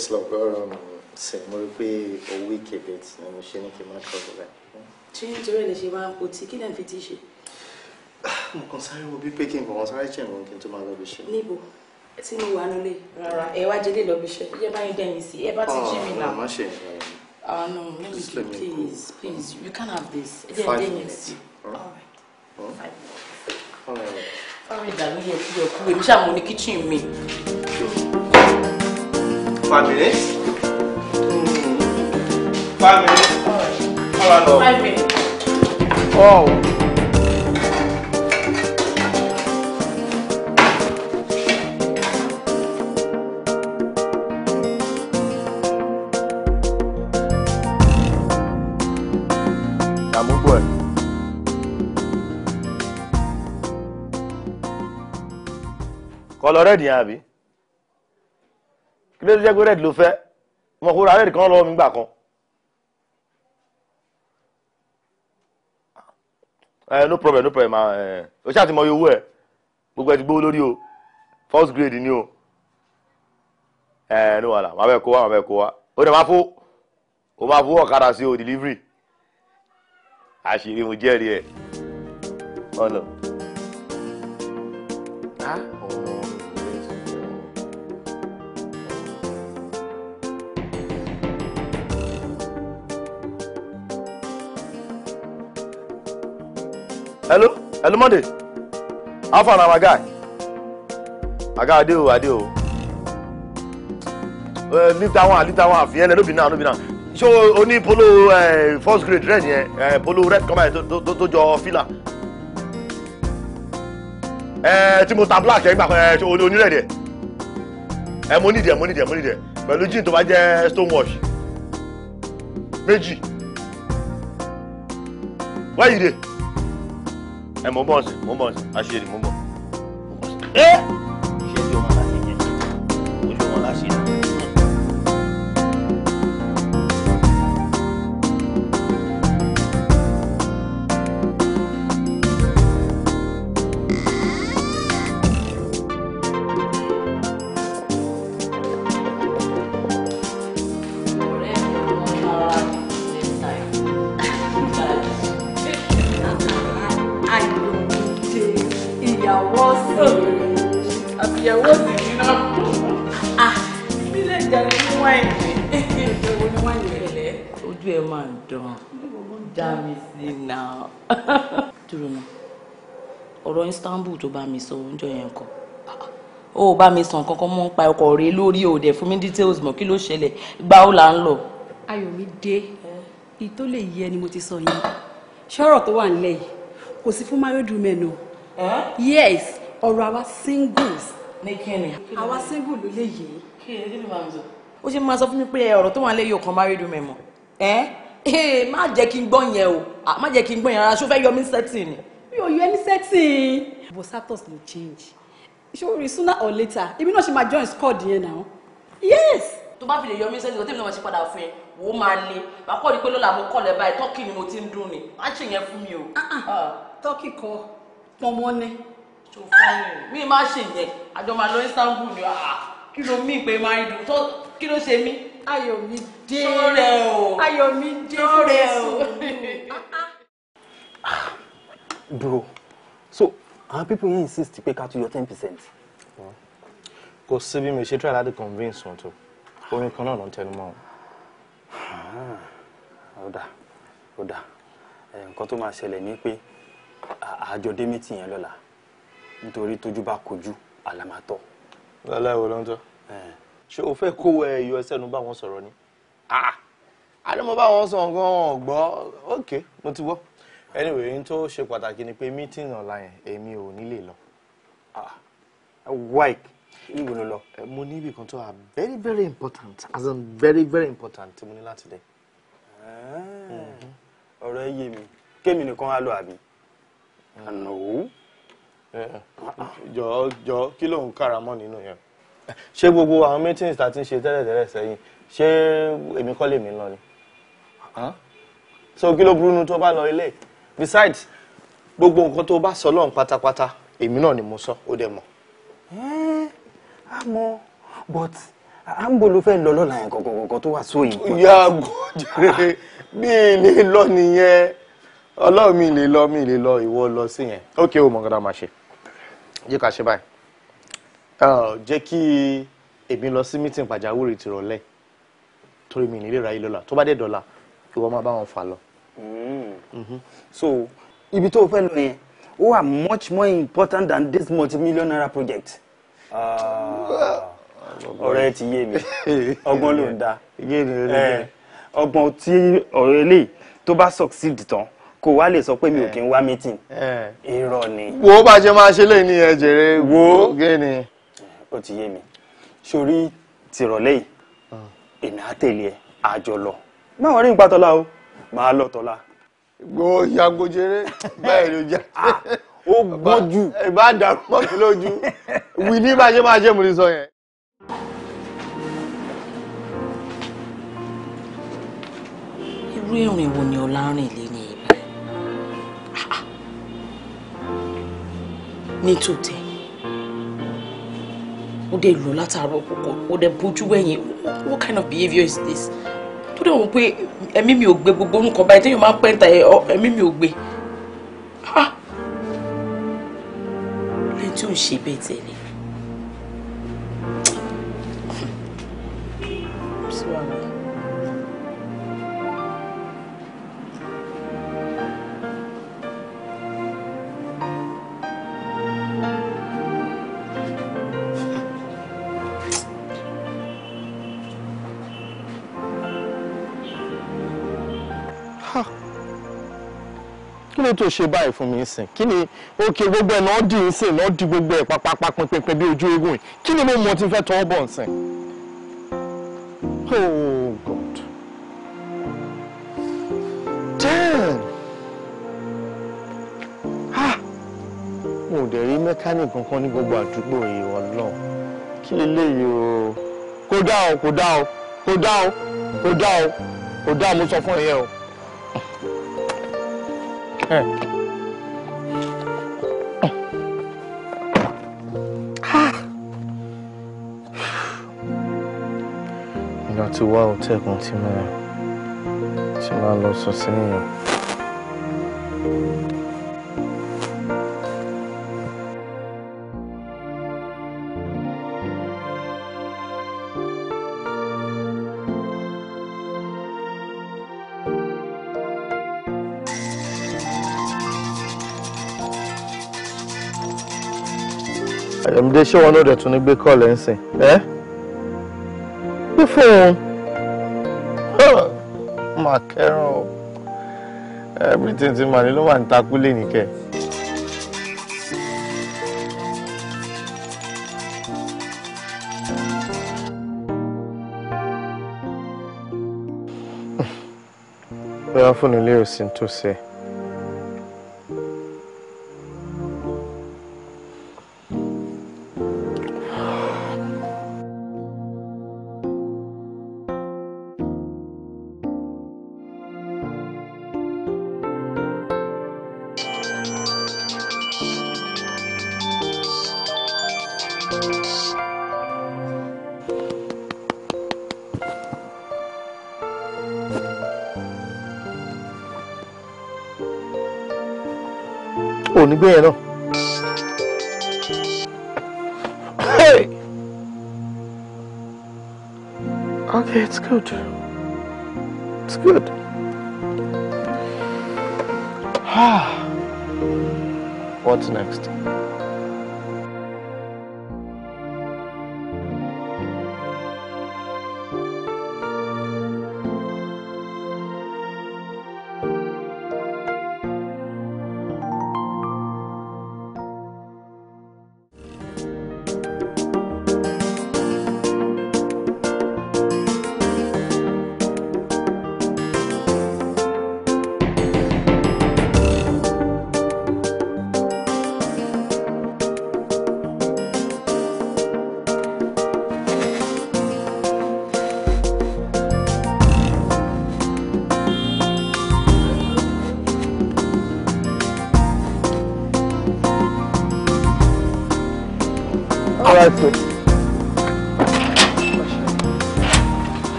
best love ọ̀rọ̀ um, ṣe mo rí pé owó ìkébé tí mo ṣe ní kí n má tọ́jú rẹ̀. ṣé nítorí ẹ̀ lè ṣe wá òtí kí lẹ́yìn fi ti ṣe. mo kàn sáré wo bí pé kí n kàn sáré jẹ̀ wọn kí n tó máa lọ bí ṣe. níbo tí mo wà nílé rárá ẹ wá jẹlé lọ bí ṣe yẹ bá yín dẹyìn sí ẹ bá ti jí mi ah, náà. ah no let me go please please you can have this. five minutes. all right. Huh? five minutes. all right. all right. all right dàlú yẹ kí ọkùnrin mi ṣàmúni kíchìn mi five minutes. Hmm. Five minutes. Hold on. Five minutes. Wow. Colorado yẹn àbí? pé tó jẹ́ pé red ló fẹ́ mo kó ra red kan lọ́wọ́ mi gbà kan ẹ no problem no problem ẹ o ṣáà ti mọ iye owó ẹ gbogbo ẹ ti gbówó lórí o first grade ni o ẹ ní wàhálà màá bẹ kó wa màá bẹ kó wa ó dẹ̀ máa fó o máa fó ọ̀kadà sí o delivery àṣírí mo jẹ́rìí ẹ̀ ọ̀nà. hello hello monday how far na my guy my guy adeo adeo eh, leave that one leave that one fiyan no be now no be now so oní polo eh, first grade red yẹn eh, polo red kọ́ báyìí tó jọ fila tí mo ta black yẹn gbà kan oní red yẹn ẹ mo nídìí ẹ mo nídìí ẹ mo nídìí ẹ pẹ̀lú jean tó bá jẹ́ stone wash méjì wáyé dé ẹ mọ̀ bọ́ọ̀sì mọ̀ bọ́ọ̀sì àṣírí mọ̀ bọ́ọ̀sì. Istanbul tó bá mi sọ oúnjẹ yẹn kọ ó ah, ah. bá mi sàn kankan mọ́ ń pa ọkọ̀ rẹ lórí òde fún mi details mọ̀ kí ló ṣẹlẹ̀ gbá ó là ń lọ. Ayọ̀mídé ìtó lè yẹ ni mo ti sọ yẹn ṣọ́rọ̀ tó wà nílẹ̀ yìí kò sí fún married o yes ọ̀rọ̀ àwa singles ní kíni. àwa single ló lè yé. kí ni kí ni màá sọ. ó ṣe máa sọ fún mi pé ọ̀rọ̀ tó wà lẹ́yìn ọkàn married women mọ̀ ẹ́ má jẹ́ kí n gbọ́ yẹn o ah, má jẹ́ kí n gbọ́ yẹn ara ṣó fẹ́ yọ mí sẹ́tì ni mi ò yọ ẹni sẹ́tìn. but status no change ṣòro sooner or later èmi náà ṣe máa join squad yẹn náà yes. tó bá fi lè yọ mí sẹ́tìn tèmi náà máa ṣe padà fún ẹ wò ó máa le bá kọ́ ni pé lọ́la mo kọ́ lẹ́ báyìí tọ́kì ni mo ti ń dùn ni má ṣe yẹn fún mi o. Ah, ah. ah. tọ́kì kọ pọnmọ́ ni. tó fún mi mi má ṣe yẹn àjọ máa lọ Istanbul ni kí ló mí pé máa ń dùn tó kí ló ṣe mí. ayọ̀ mi dé ayọ̀ mi dé fún mi bro so our people here insist pé ká tún your ten percent. kò sí bí mi ṣe try láti convince wọn tó orin kan náà ló ń tẹnu mọ́ wọn. Ah, ó dà ó dà eh, nǹkan tó máa ṣẹlẹ̀ ni pé àjọ dé mítì yẹn lọ́la nítorí tójú bá kojú àlàmátọ́. lálẹ́ wo ló ń tọ́. Eh. ṣé o fẹ́ kówó ẹ̀yọ ẹsẹ̀ nu bá wọn sọ̀rọ̀ ni. àdé ah, mo bá wọn sọ nǹkan ọ̀gbọ́n ok mo ti wọ́ anyway n tó ṣe pàtàkì ni pé meeting online èmi ò nílè lọ wike ìwé ló lọ. Eh, mo ní ibì kan tó are very very important as in very very important tí mo ní láti dé. Ah, mm-hmm. ọ̀rọ̀ ẹ yé mi kémi nìkan á lọ àbí. ànáwó. Mm. Eh, jọ̀ọ́ jọ̀ọ́ kí ló ń kára mọ́ nínú yẹn ṣé gbogbo àwọn meetings tá a ti ń ṣe tẹ́lẹ̀tẹ́lẹ̀ sẹ́yìn ṣé èmi kọ́ lèmi lọ ni so kí ló burú nu tó bá lọ ilé besides gbogbo nǹkan tó bá sọ lọ́run pátápátá èmi náà ni mo sọ ó dẹ̀ mọ̀. àmọ́ but à ń bolo fẹ́ lọ lọ́la yẹn kọ̀kọ̀kọ̀ tó wà sóyìn. ìyá àgọ́jẹrẹ mi lè lọ nìyẹn ọlọ́run mi lè lọ mi lè lọ ìwọ lọ sí yẹn ok o mọ̀ nǹkan tá a máa ṣe jẹ́ ká ṣe báyìí jẹ́ kí èmi lọ sí mítìn pàjáwìrì tìrọ̀lẹ́ torí mi ní ra ilé lọ́la tó bá dé dọ́là ìwọ máa bá wọn fà lọ. Mm-hmm. so ibi tó o fẹ́ lọ yẹn ó wà much more important than this multi-million naira project. Ah. ọ̀rẹ́ ti yé mi ọgbọ́n ló ń da eh, ọgbọ́n tí ọ̀rẹ́ lè tó bá succeed tán kò wá lè sọ pé mi ò eh. kí ń wá meeting eh. irọ́ ni. wo bá ṣe máa ṣe lẹ́yìn ní ẹ̀jẹ̀rẹ̀ wo gẹ́ni. ó ti yé mi sórí tìrọ̀lẹ́ yìí ah. èmi á tẹ̀lé ẹ àjọ lọ. máa wọ́n rí ìpàtọ́lá o máa lọ tọ́lá. gbogbo yago jere bẹ́ẹ̀ ló jẹ́. Ah, ó gbọ́n jù. ìbá dàrú mọ́ mi lójú wí ní bá ṣe máa ṣe mú ní sọ yẹn. irú ìrìn wo ni ọlá rìn lé ní ibà ní tòótẹ́ ó dé lò látàárọ̀ kókó ó dé bójú wẹ̀yìn what kind of behaviour is this tó dẹ̀ wọ́n pé ẹ̀mí mi ò gbé gbogbo nǹkan báyìí téèyàn máa ń pẹ́ǹtà ẹ̀mí mi ò gbé lẹ́yìn tí ò ń ṣe bẹ́ẹ̀ tẹ̀lé. Thank you. ló tó ṣe báyìí fún mi sìn kí ni òkè gbogbo ẹ̀ náà dì í sìn náà di gbogbo ẹ̀ pápápá pínpín bí ojú eégún yìí kí ni mo mọ ti fẹ́ tọ́ bọ̀ sìn. Oh God. Ten. Ah. Mo ò dẹ̀ rí mẹ́kánìkì kankan ní gbogbo àdúgbò yìí ọlọ́run. Kí leléyìí o? Kò dá o, kò dá o, kò dá o, kò dá o, kò dá o, mo sọ fún ẹ yẹn o ìgbà tí wá òtẹ́kùn tí mo tí máa lọ sọ sí nìyẹn. Dé show wọn náà dẹ̀ tún ní gbé kọ́ lẹ́sìn huh? gbé fóun everything ti màní ló wà ń takú lé nìkẹ́. bóyá fun ilé ò sí ní tòsí Hey! Okay, it's good. It's good. What's next?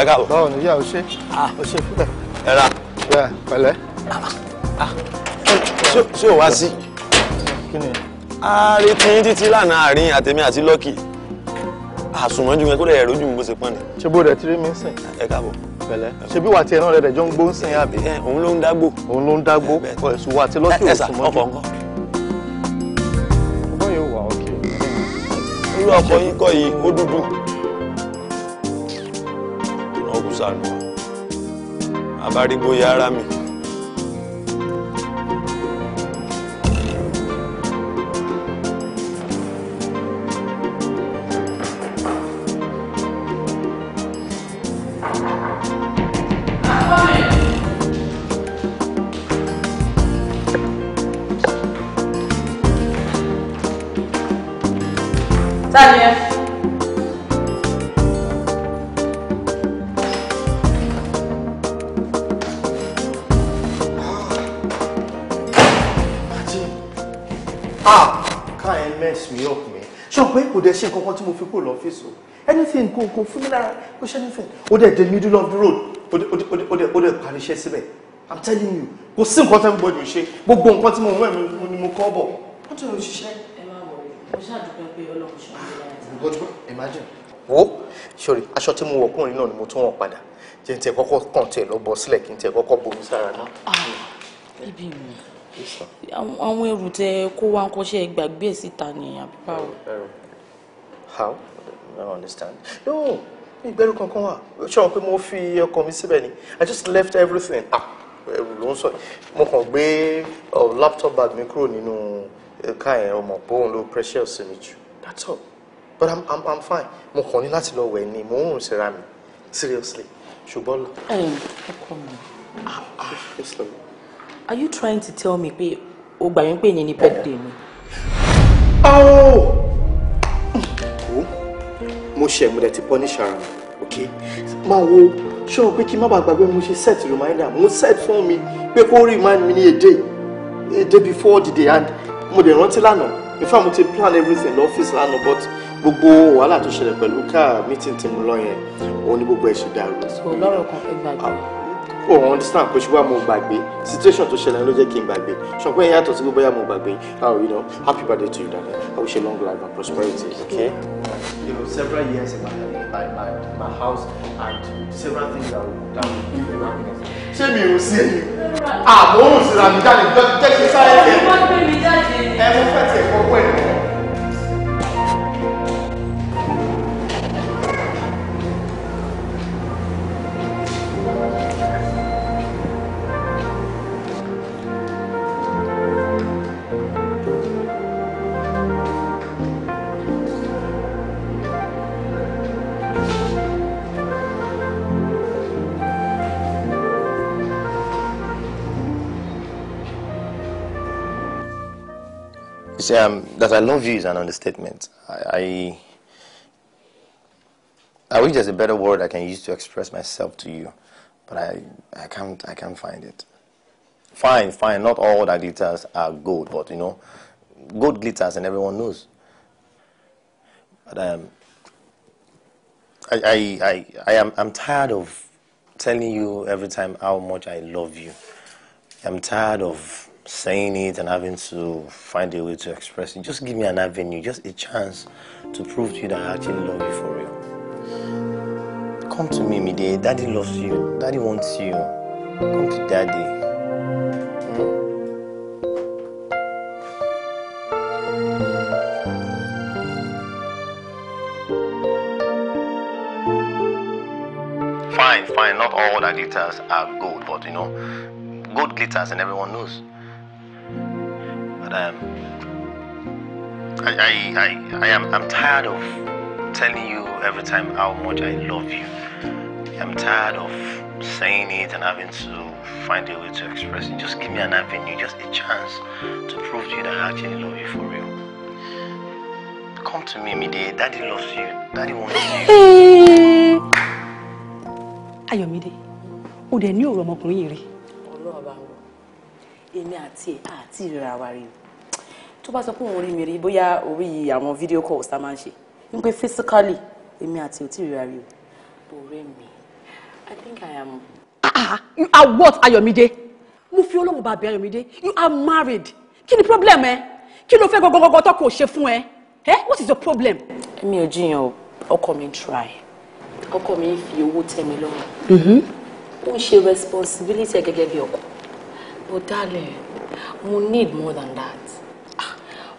ẹ káàbọ̀. báwo ni yíyá o ah. ẹ kó lè rojú mi bó ṣe pọ́n ni. ṣé bó rẹ̀ tiré mi ń sìn. ẹ káàbọ̀. pẹ̀lẹ́ ṣé bí wàá tiẹ̀ náà rẹ̀ jọ ń gbó ń sìn àbí. òun ló ń dágbó. òun ló ń dágbó ẹ̀sùn wàá ti lọ́kì òsùnmọ́jú. ọkọ̀ yín kọ́ yìí ó dúdú. àbárígbóyè ara mi. dẹ̀ ṣe nǹkan kan tí mo fi kúrò lọ́fíìsì anything kò kò fún mi lára kò ṣe anything ó dẹ̀ the middle of the road ó dẹ̀ parí iṣẹ́ síbẹ̀ i'm telling you kò sí nǹkan tí mo gbọ́dọ̀ ṣe gbogbo nǹkan tí mo mọ̀ mi ni mo kọ́ bọ̀ wọ́n ti rò ṣiṣẹ́. ẹ máa wọ̀ mo ṣàdúpẹ́ pé ọlọ́run ṣọ́ wo sori aṣọ tí mo wọ̀ kúrin náà ni mo tún wọn padà jẹ́ ní tẹ kọ́kọ́ kàn tẹ lọ bọ́ sílẹ̀ kí n tẹ kọ́kọ́ bomi sára náà. ibi ah, mi àwọn ẹrù tẹ kó wá ń kọ́ṣẹ́ gbàgbé síta ni àbí how i don't understand no ìgbẹ́rù kankan wà ṣé wọn pé mo fi ọkàn mi síbẹ̀ ni i just left everything ah ẹrù ló ń sọ mo kàn gbé laptop bag mi kúrò nínú ká eh, yẹn ọmọ bóun ló precious sí mi jù that's all but i'm i'm i'm fine mo kàn ní láti lọ wẹ̀ ni mo ń rùn síra mi seriously ṣùgbọ́n lọ. ọkọ mi ah, ah. are you trying to tell me pé o gbà mí pé yẹn ni birthday mi. oh mo ṣẹ̀ mo dẹ̀ ti punish ara mi ok máa wo ṣọ́ pé kí n má bàa gbàgbé mo ṣe set reminder mo set fún mi pé kó remind mi ní a day a day before the day and mo dẹ̀ rántí lánàá in fact mo ti plan everything lọ́fíìsì lánàá but gbogbo wàhálà tó ṣẹlẹ̀ pẹ̀lú káà meeting tí mo lọ yẹn òun ni gbogbo ẹ̀ ṣe dàrú. sọ kan ẹ gbàgbé. Ah òun oh, understand kò ṣùgbọ́n mo gbàgbé situation tó ṣẹlẹ̀ ló jẹ́ kí n gbàgbé ṣùgbọ́n ẹ̀yà àtọ̀ tí gbogbo ẹ̀yà gbàgbé how oh, you know happy birthday to you darling I wish you long life and prosperity okay. you know several years in my my my, house and several things that will give you happiness. ṣé mi ò sí ẹ̀yìn ah, àmọ́ òun sì ra mi jáde jẹ́ kí sáré. ẹ mú fẹ́ tiẹ̀ fọ́pọ́ ẹ̀ See, um, that I love you is an understatement. I, I, I wish there's a better word I can use to express myself to you, but I, I can't, I can't find it. Fine, fine. Not all that glitters are gold, but you know, gold glitters, and everyone knows. But um, I, I, I, I am, I'm tired of telling you every time how much I love you. I'm tired of saying it and having to find a way to express it. Just give me an avenue, just a chance to prove to you that I actually love you for real. Come to me, Mide. Daddy loves you. Daddy wants you. Come to Daddy. Fine, fine, not all that glitters are gold, but you know, gold glitters and everyone knows. and um, I, I, I, I am I'm tired of telling you every time how much I love you. I'm tired of saying it and having to find a way to express it. Just give me an avenue, just a chance to prove to you that I actually love you for real. Come to me, Mide. Daddy loves you. Daddy wants you. Ayọ̀mídé, o dẹ̀ ní ọ̀rọ̀ ọmọkùnrin yìí rí. Ọlọ́ọ̀bá wo, èmi àti ẹ̀ àti ìrora wa rí o tó bá sọ pé òun rí mi rí bóyá orí àwọn fídíò calls tá máa ń ṣe ń pé physically èmi àti òtí rẹ̀ rí o ọ̀rẹ́ mi I think I am. ah, ah you are what Ayọ̀mídé mo fi Ọlọ́run bàbá Ayọ̀mídé you are married kí ni problem ẹ kí ló fẹ́ gọgọgọgọ tó kò ṣe fún ẹ ẹ what is your problem. èmi ò jiyàn o ọkọ mi try ọkọ mi fi owó tẹ́ mi lọ́rùn mm-hmm. ó ń ṣe responsibility gẹ́gẹ́ bí ọkọ but darling mo need more than that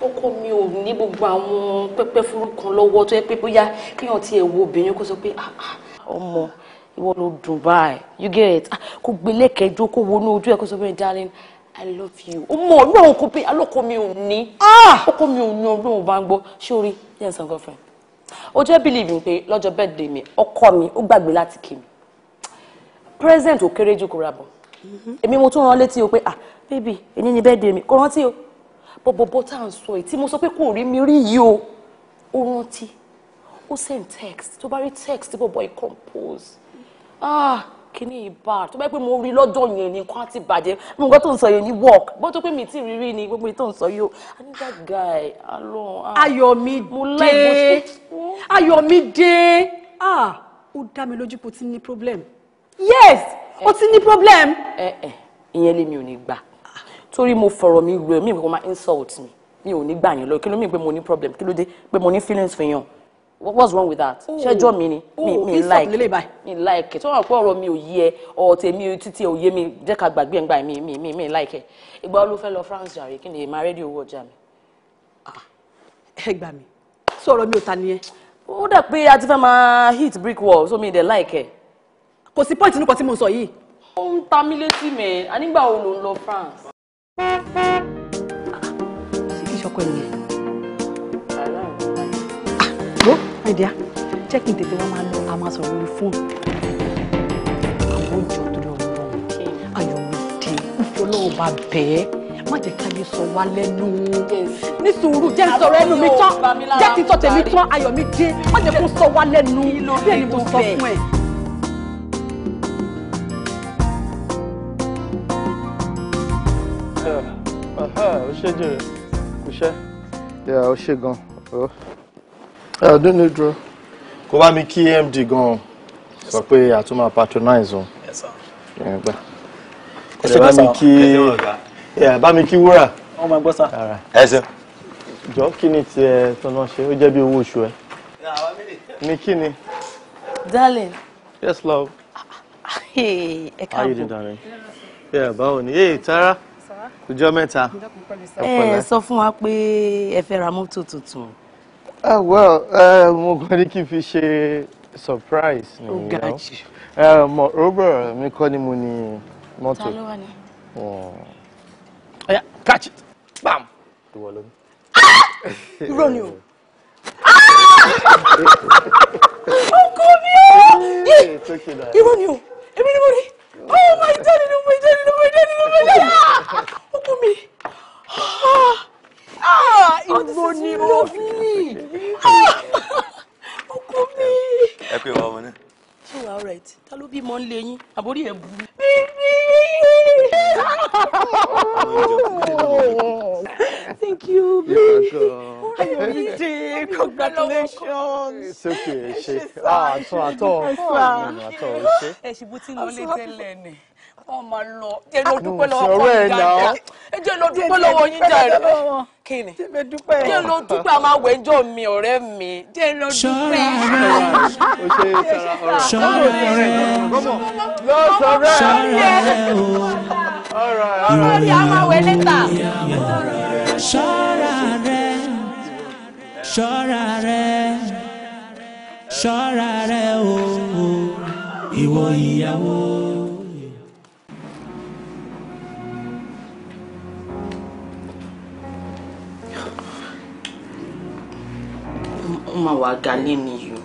ọkọ mi ò ní gbogbo àwọn pẹpẹ furuukan lọ́wọ́ tó yẹ pé bóyá kíyàn ti ẹ wo obìnrin kó sọ pé ah, ah, ọmọ ìwọ ló dùn báyìí you get it ah, kó gbélé kẹjọ kó wọnú ojú ẹ kó sọ pé darling i love you ó mọ Ọlọ́run kó pé alọkọ mi ò ní ọkọ mi ò ní Ọlọ́run bá ń gbọ́ sórí yẹn sàn girlfriend ó jẹ́ believe mi pé lọ́jọ́ birthday mi ọkọ mi ó gbàgbé láti kí mi present ò kéré jù kó ra bọ̀ mm-hmm. èmi mo tún rán létí o pé ah baby èyí ni birthday mi kò rántí o bọ̀bọ̀bọ̀ tá à ń sọ yìí tí mo sọ pé kò rí mi rí yìí o ó rántí ó send text tó bá rí text tí bọ̀bọ̀ yìí compose ah kíní ibà tó bá yẹ pé mo rí lọ́jọ́ yẹn ní nǹkan àti ìbàjẹ́ mo nǹkan tó ń sọ yẹn ní work bó tó pé mi tí rírí ni gbogbo èyí tó ń sọ yìí o i need that guy alone. Ah. Ayọ̀mídé Ayọ̀mídé ah ó dá mi lójú pé o ti ní problem yes o ti ní problem. ẹ eh, ẹ eh, eh, ìyẹn lèmi ò ní gbà torí mo fọ̀rọ̀ mi rò mí kò máa insult mi mi ò ní gbà yín lọ kí ló mi pé mo ní problem kí ló dé pé mo ní feelings fi yàn what's wrong with that ṣẹjọ mi ni mi like mi like tí wọn pẹ ọ̀rọ̀ mi ò yí ẹ ọ tèmi títí ò yé mi jẹ́ ká gbàgbé ẹ ń gbà mí mi mi mi like ẹ ìgbà wo ló fẹ́ lọ France jàre kí ni èèmà rédíò owó ọjà mi. Ah, ẹ gbà mí sọ̀rọ̀ mi ò ta nìyẹn. ó dà pé a ti fẹ́ máa hit brick wall so mi dẹ̀ like ẹ. kò sí point nínú kan tí mo sọ yìí. ó ń ta mí létí mẹ́ẹ̀ anígbà wo ló ń lọ France ṣé kí sọkọ ẹni yẹn. ló ẹ̀díà jẹ́ kí n tètè wá máa lọ a máa sọ̀rọ̀ lórí bẹ́ẹ̀ má jẹ́ káyé sọ wá lẹ́nu ní sùúrù jẹ́ n sọ̀rọ̀ ẹnu mi tán jẹ́ ti sọ tèmi tán Ayọ̀mídé má jẹ́ kó sọ wá lẹ́nu bẹ́ẹ̀ ni mo sọ fún ẹ. ṣe jèrè kò ṣe. yà ó ṣe gan ọ ẹ ọdún ní dúró kó bá mi kí md gan sọ pé àtún máa patronize òun ẹ gbà kó lè bá mi kí bá mi kí wúrà ẹ ṣe jọ kí ni tiẹ̀ tọ́nà ṣe ó jẹ́ bí owó oṣù ẹ ní kí ni. darling. yes love. Ah, ah, ẹ káàbọ̀. how you doing darling. yeah báwo ni. hey Tara ọjọ́ mẹ́ta. ẹ sọ fún wa pé ẹ fẹ́ ra mọ́tò tuntun. ah well eh, mo kàn ní kí n fi ṣe surprise ni o ga jù. Eh, robert mi kọ́ ni mo ní mọ́tò. ta hmm. catch it bam. ìwọ ló ní. Ah! irọ́ ni o. Ah! ọkọ mi o. Eh, irọ́ ni o. àtọ àtọ àtọ òṣè. ẹ ṣì bó ti lọ lé tẹ́lẹ̀ ni wọ́n máa lọ jẹ́ lọ dúpẹ́ lọ́wọ́ kọ́ yín dáadáa ẹ jẹ́ lọ dúpẹ́ lọ́wọ́ yín jàre kí ni jẹ́ lọ dúpẹ́ a máa wẹ̀jọ́ mi ọ̀rẹ́ mi jẹ́ lọ dúpẹ́. ṣọ́ra rẹ ṣọ́ra rẹ o ìwọ ni a máa wẹ̀ lẹ́tà. ṣọ́ra rẹ ṣọ́ra rẹ ṣọ́ra rẹ o ìwọ ìyàwó. ó máa wà ga lẹ́nu yìí o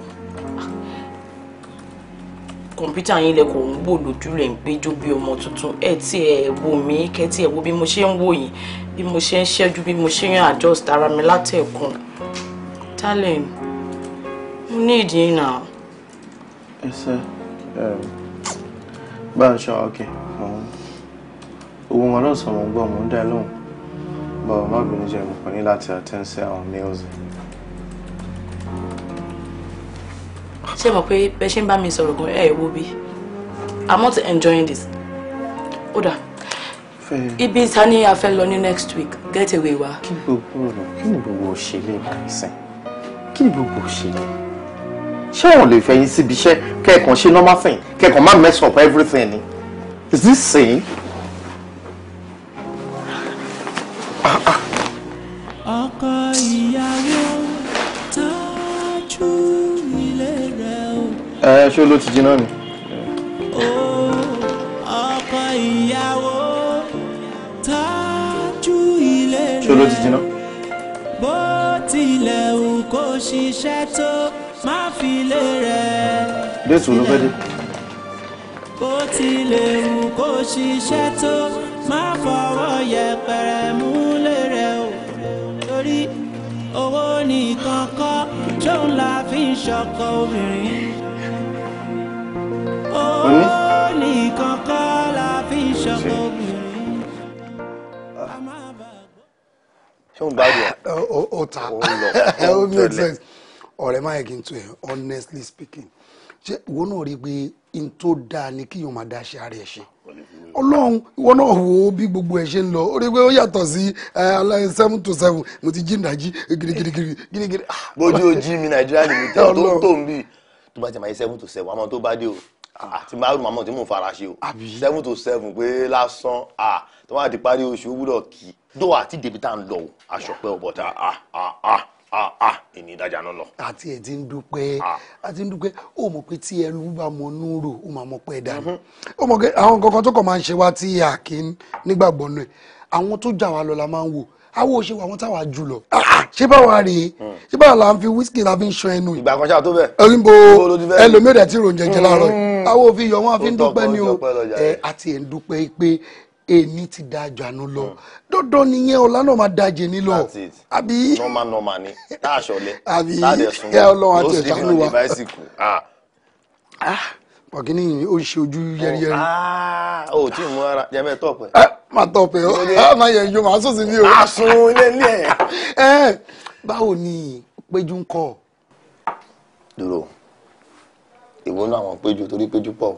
kọ̀ǹpútà yín lẹ́kọ̀ọ́ ń wò lójú rẹ̀ ń péjọ bí ọmọ tuntun ẹ̀ tí ẹ̀ wò mí kẹ́ tí ẹ̀ wo bí mo ṣe ń wò yín bí mo ṣe ń ṣẹ́jú bí mo ṣe ń adjust ara mi látẹ̀kùn talent. We need you now. Yes, sir. Um, but sure, okay. Um, we wọn lọ́sàn mọ̀ ń gbọ́ mọ̀ but dá lóhùn bọ̀ má bínú jẹ́ mọ̀ ní láti attend sí àwọn nails. ṣé mọ̀ pé bẹ́ẹ̀ ṣe ń bá mi sọ̀rọ̀ I'm not enjoying this. ó dà ibi ta ni a fẹ́ lọ ní next week get away wa. kí ni gbogbo ọ̀rọ̀ kí ni gbogbo òṣèlú ìbànújẹ́ kí ni ṣé òun lè fẹ̀yìn síbi iṣẹ́ kẹ́ẹ̀kan ṣe normal thing kẹ́ẹ̀kan má mess up everything ni is this sane? ọkọ ìyàwó tájú ilé rẹ o. ẹ ṣé ló ti jiná ni. ọkọ ìyàwó tájú ilé rẹ. bó tilẹ̀ ń ṣiṣẹ́ tó má fi lé rẹ̀. déètì ló fẹ́ dé. bó tilẹ̀ wù kó ṣiṣẹ́ tó má fọwọ́ yẹpẹrẹ mú lé o torí owó nìkan kọ́ ṣóun la fi ṣọkọ obìnrin. owó nìkan kọ́ la fi ṣọkọ obìnrin. ṣé òun dájú ẹ. ó ta ó lọ ó tẹlẹ ọ̀rẹ́ máa yẹ kí n tó ẹ̀ honestly speaking ṣé ìwọ náà rí i pé n tó dáa ni kí yóò máa dá ṣe ara ẹ̀ ṣe ọlọ́run ìwọ náà wo bí gbogbo ẹ̀ ṣe ń lọ ó rí i pé ó yàtọ̀ sí eh, aláìsàn seven to seven mo ti jí ìdájí girigirigiri girigiri. Ah. bójú ojú mi nàìjíríà lèmi tẹ́ tó ń tó ń bì tó bá ti máa yẹ seven to seven àmọ́ tó bá dé o àti ah. ah, máa rò màmá tí mò ń fara ṣe o seven to seven pé lásán tó bá ti parí oṣù ó gbúdọ̀ kí dó àti dèbí tá à ń lọ o aṣọ pé o bọ̀tà ah ah ah ìní ìdájà náà lọ. àti ẹ̀ ti ń dúpẹ́ àti ń dúpẹ́ ó mọ̀ pé tí ẹrú bá mọ núrò ó máa mọ̀ pé ẹ̀dá ni ó mọ̀ pé àwọn kankan tó kàn máa ń ṣe wá tí a nígbàgbọ́ náà àwọn tó jà wá lọ la máa ń wò àwọn ò ṣe wà wọ́n táwa jù lọ ṣé báwa rèé hmm. ṣé báwa la ń fi wíṣkì la fi ń ṣan ẹnu yìí. ìgbà kan ṣáà tó bẹ̀. olùbò ẹlòmíràn ti ròǹjẹ̀jẹ̀ láàárọ̀ àwọn hmm. òfin yọ wọn àfi ń dúpẹ́ ni o àti ẹ̀ ń dúpẹ́ pé èmi ti da àjànú lọ hmm. dandan nìyẹn ọ̀la náà máa da jèmi lọ àbí. normal normal ni tá a ṣọlẹ tá a dẹ sun ẹ Ọlọ́run àti ẹsẹ àánú wa ah. Ah, pàkínní yìí ó ṣe ojú yẹriyẹri. Ah, o tí mú ara jẹ bẹ́ẹ̀ tọpẹ. má tọpẹ o má yẹ ìjọ màá sòsì bí o. a sun ilé ilé ẹ. Eh, báwo ni péjú ń kọ. dúró ìwọ náà àwọn péjú torí péjú pọ̀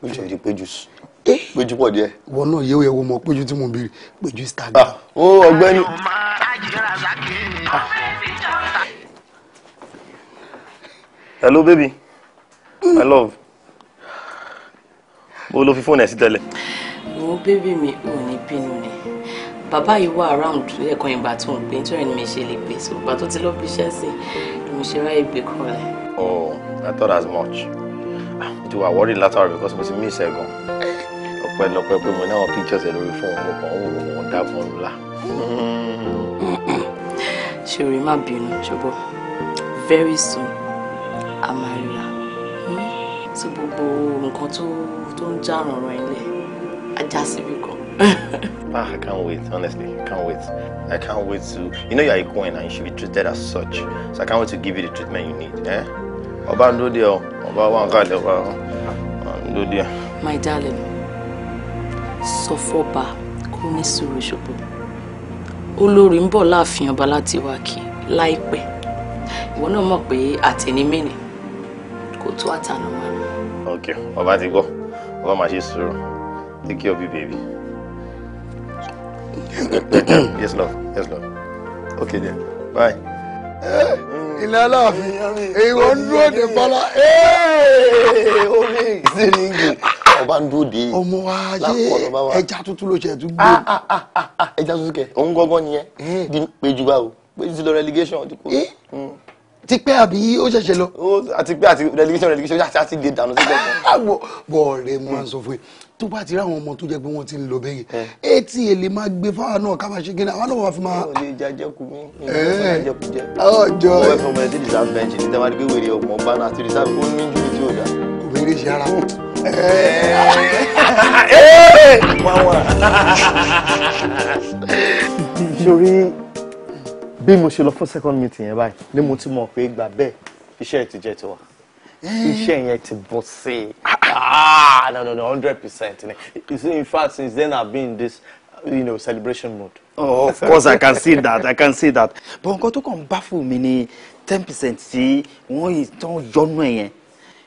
mi ò ṣe rí péjú sùn péjú pọ̀ díẹ̀. ìwọ náà yẹ ẹ mọ péjú tí mo béèrè péjú Instagram. Ah, ó ọ̀gbẹ́ni. hello baby my love mo lo fi fóònù ẹ sí tẹ́lẹ̀. wo bébí mi ò ní bínú ni bàbá yìí wà around ẹ̀kan ìgbà tó ń pè nítorí ni mi ṣe lè gbé so ìgbà tó ti lọ bí iṣẹ́ sí ni mo ṣe ráyè gbé kọ́ rẹ̀. oh i thought as much. You ah, was worried later because we miss her gone pẹ̀lọpẹ̀ pé mo ní àwọn pictures ẹ̀ lórí fóònù mo kàn ń wò dábọ̀ ńlá. ṣòrí má bínú ṣùgbọ́n very soon a máa rí ra tí hmm? gbogbo nǹkan tó ń já rànràn ẹ̀ lẹ̀ ajá síbi kan. Ah, I can't wait, honestly. I can't wait. I can't wait to. You know, you're a queen and you should be treated as such. So I can't wait to give you the treatment you need. Eh? Ọba ń dúró de ọ, ọba wa ń kalẹ̀ ọba ń dúró My darling sọ fọba kó ní sùúrù ṣòbò olórí ń bọ̀ láàfin ọba láti wá kí láìpẹ́ ìwọ náà mọ̀ pé àtẹnimẹ́ni kò tó àtànà wà. ok ọba ti gbọ́ ọba máa ṣe sùúrù take care of you baby. yes love yes love okay then bye. ilé aláàfin èyí ń dúró de bọ́lá orí ìsinmi ọba ń dúró de ọmọ wa yé ẹja tuntun ló ṣe tún gbé. Ah, ah, ah, ẹja tuntun kẹ òun gángan nìyẹn eh. di péjú bá o péjú ti lọ relegation ti kú. Eh? Hmm. ti pẹ́ àbí ó ṣẹ̀ṣẹ̀ lọ. àti pé àti relegation relegation àti àti lè dànù síbẹ̀. àwọ̀ bọ̀ rẹ̀ máa ń hmm. sọ fún yìí tó bá ti rí àwọn ọmọ tó jẹ pé wọn ti ń lọ bẹ́yìn eh. etí èlé máa gbé fáwọn náà ká máa ṣe kíni àwọn náà wà fi máa. ó lè jajẹ kú mi ìgbésẹ̀ jẹ kú jẹ. ọjọ́ ẹ ọmọ ẹ ti reserve bench ní tẹ́wájú pé wèrè ọmọ ọba náà ti reserve ó ní ju ní tí ò dá. kò fèrè ṣe ara sori bí mo ṣe lọ fún second meeting yẹn báyìí ni mo ti mọ̀ pé gbà bẹ́ẹ̀ iṣẹ́ ti jẹ́ tiwa iṣẹ́ yẹn ti bọ̀ sí i ah no no no hundred percent in fact since then I've been in this you know, celebration mode. Oh, of course, I can see that. I can see that. But nǹkan tó kàn baffle mi ni ten percent tí wọ́n yìí tán yọnu ẹ̀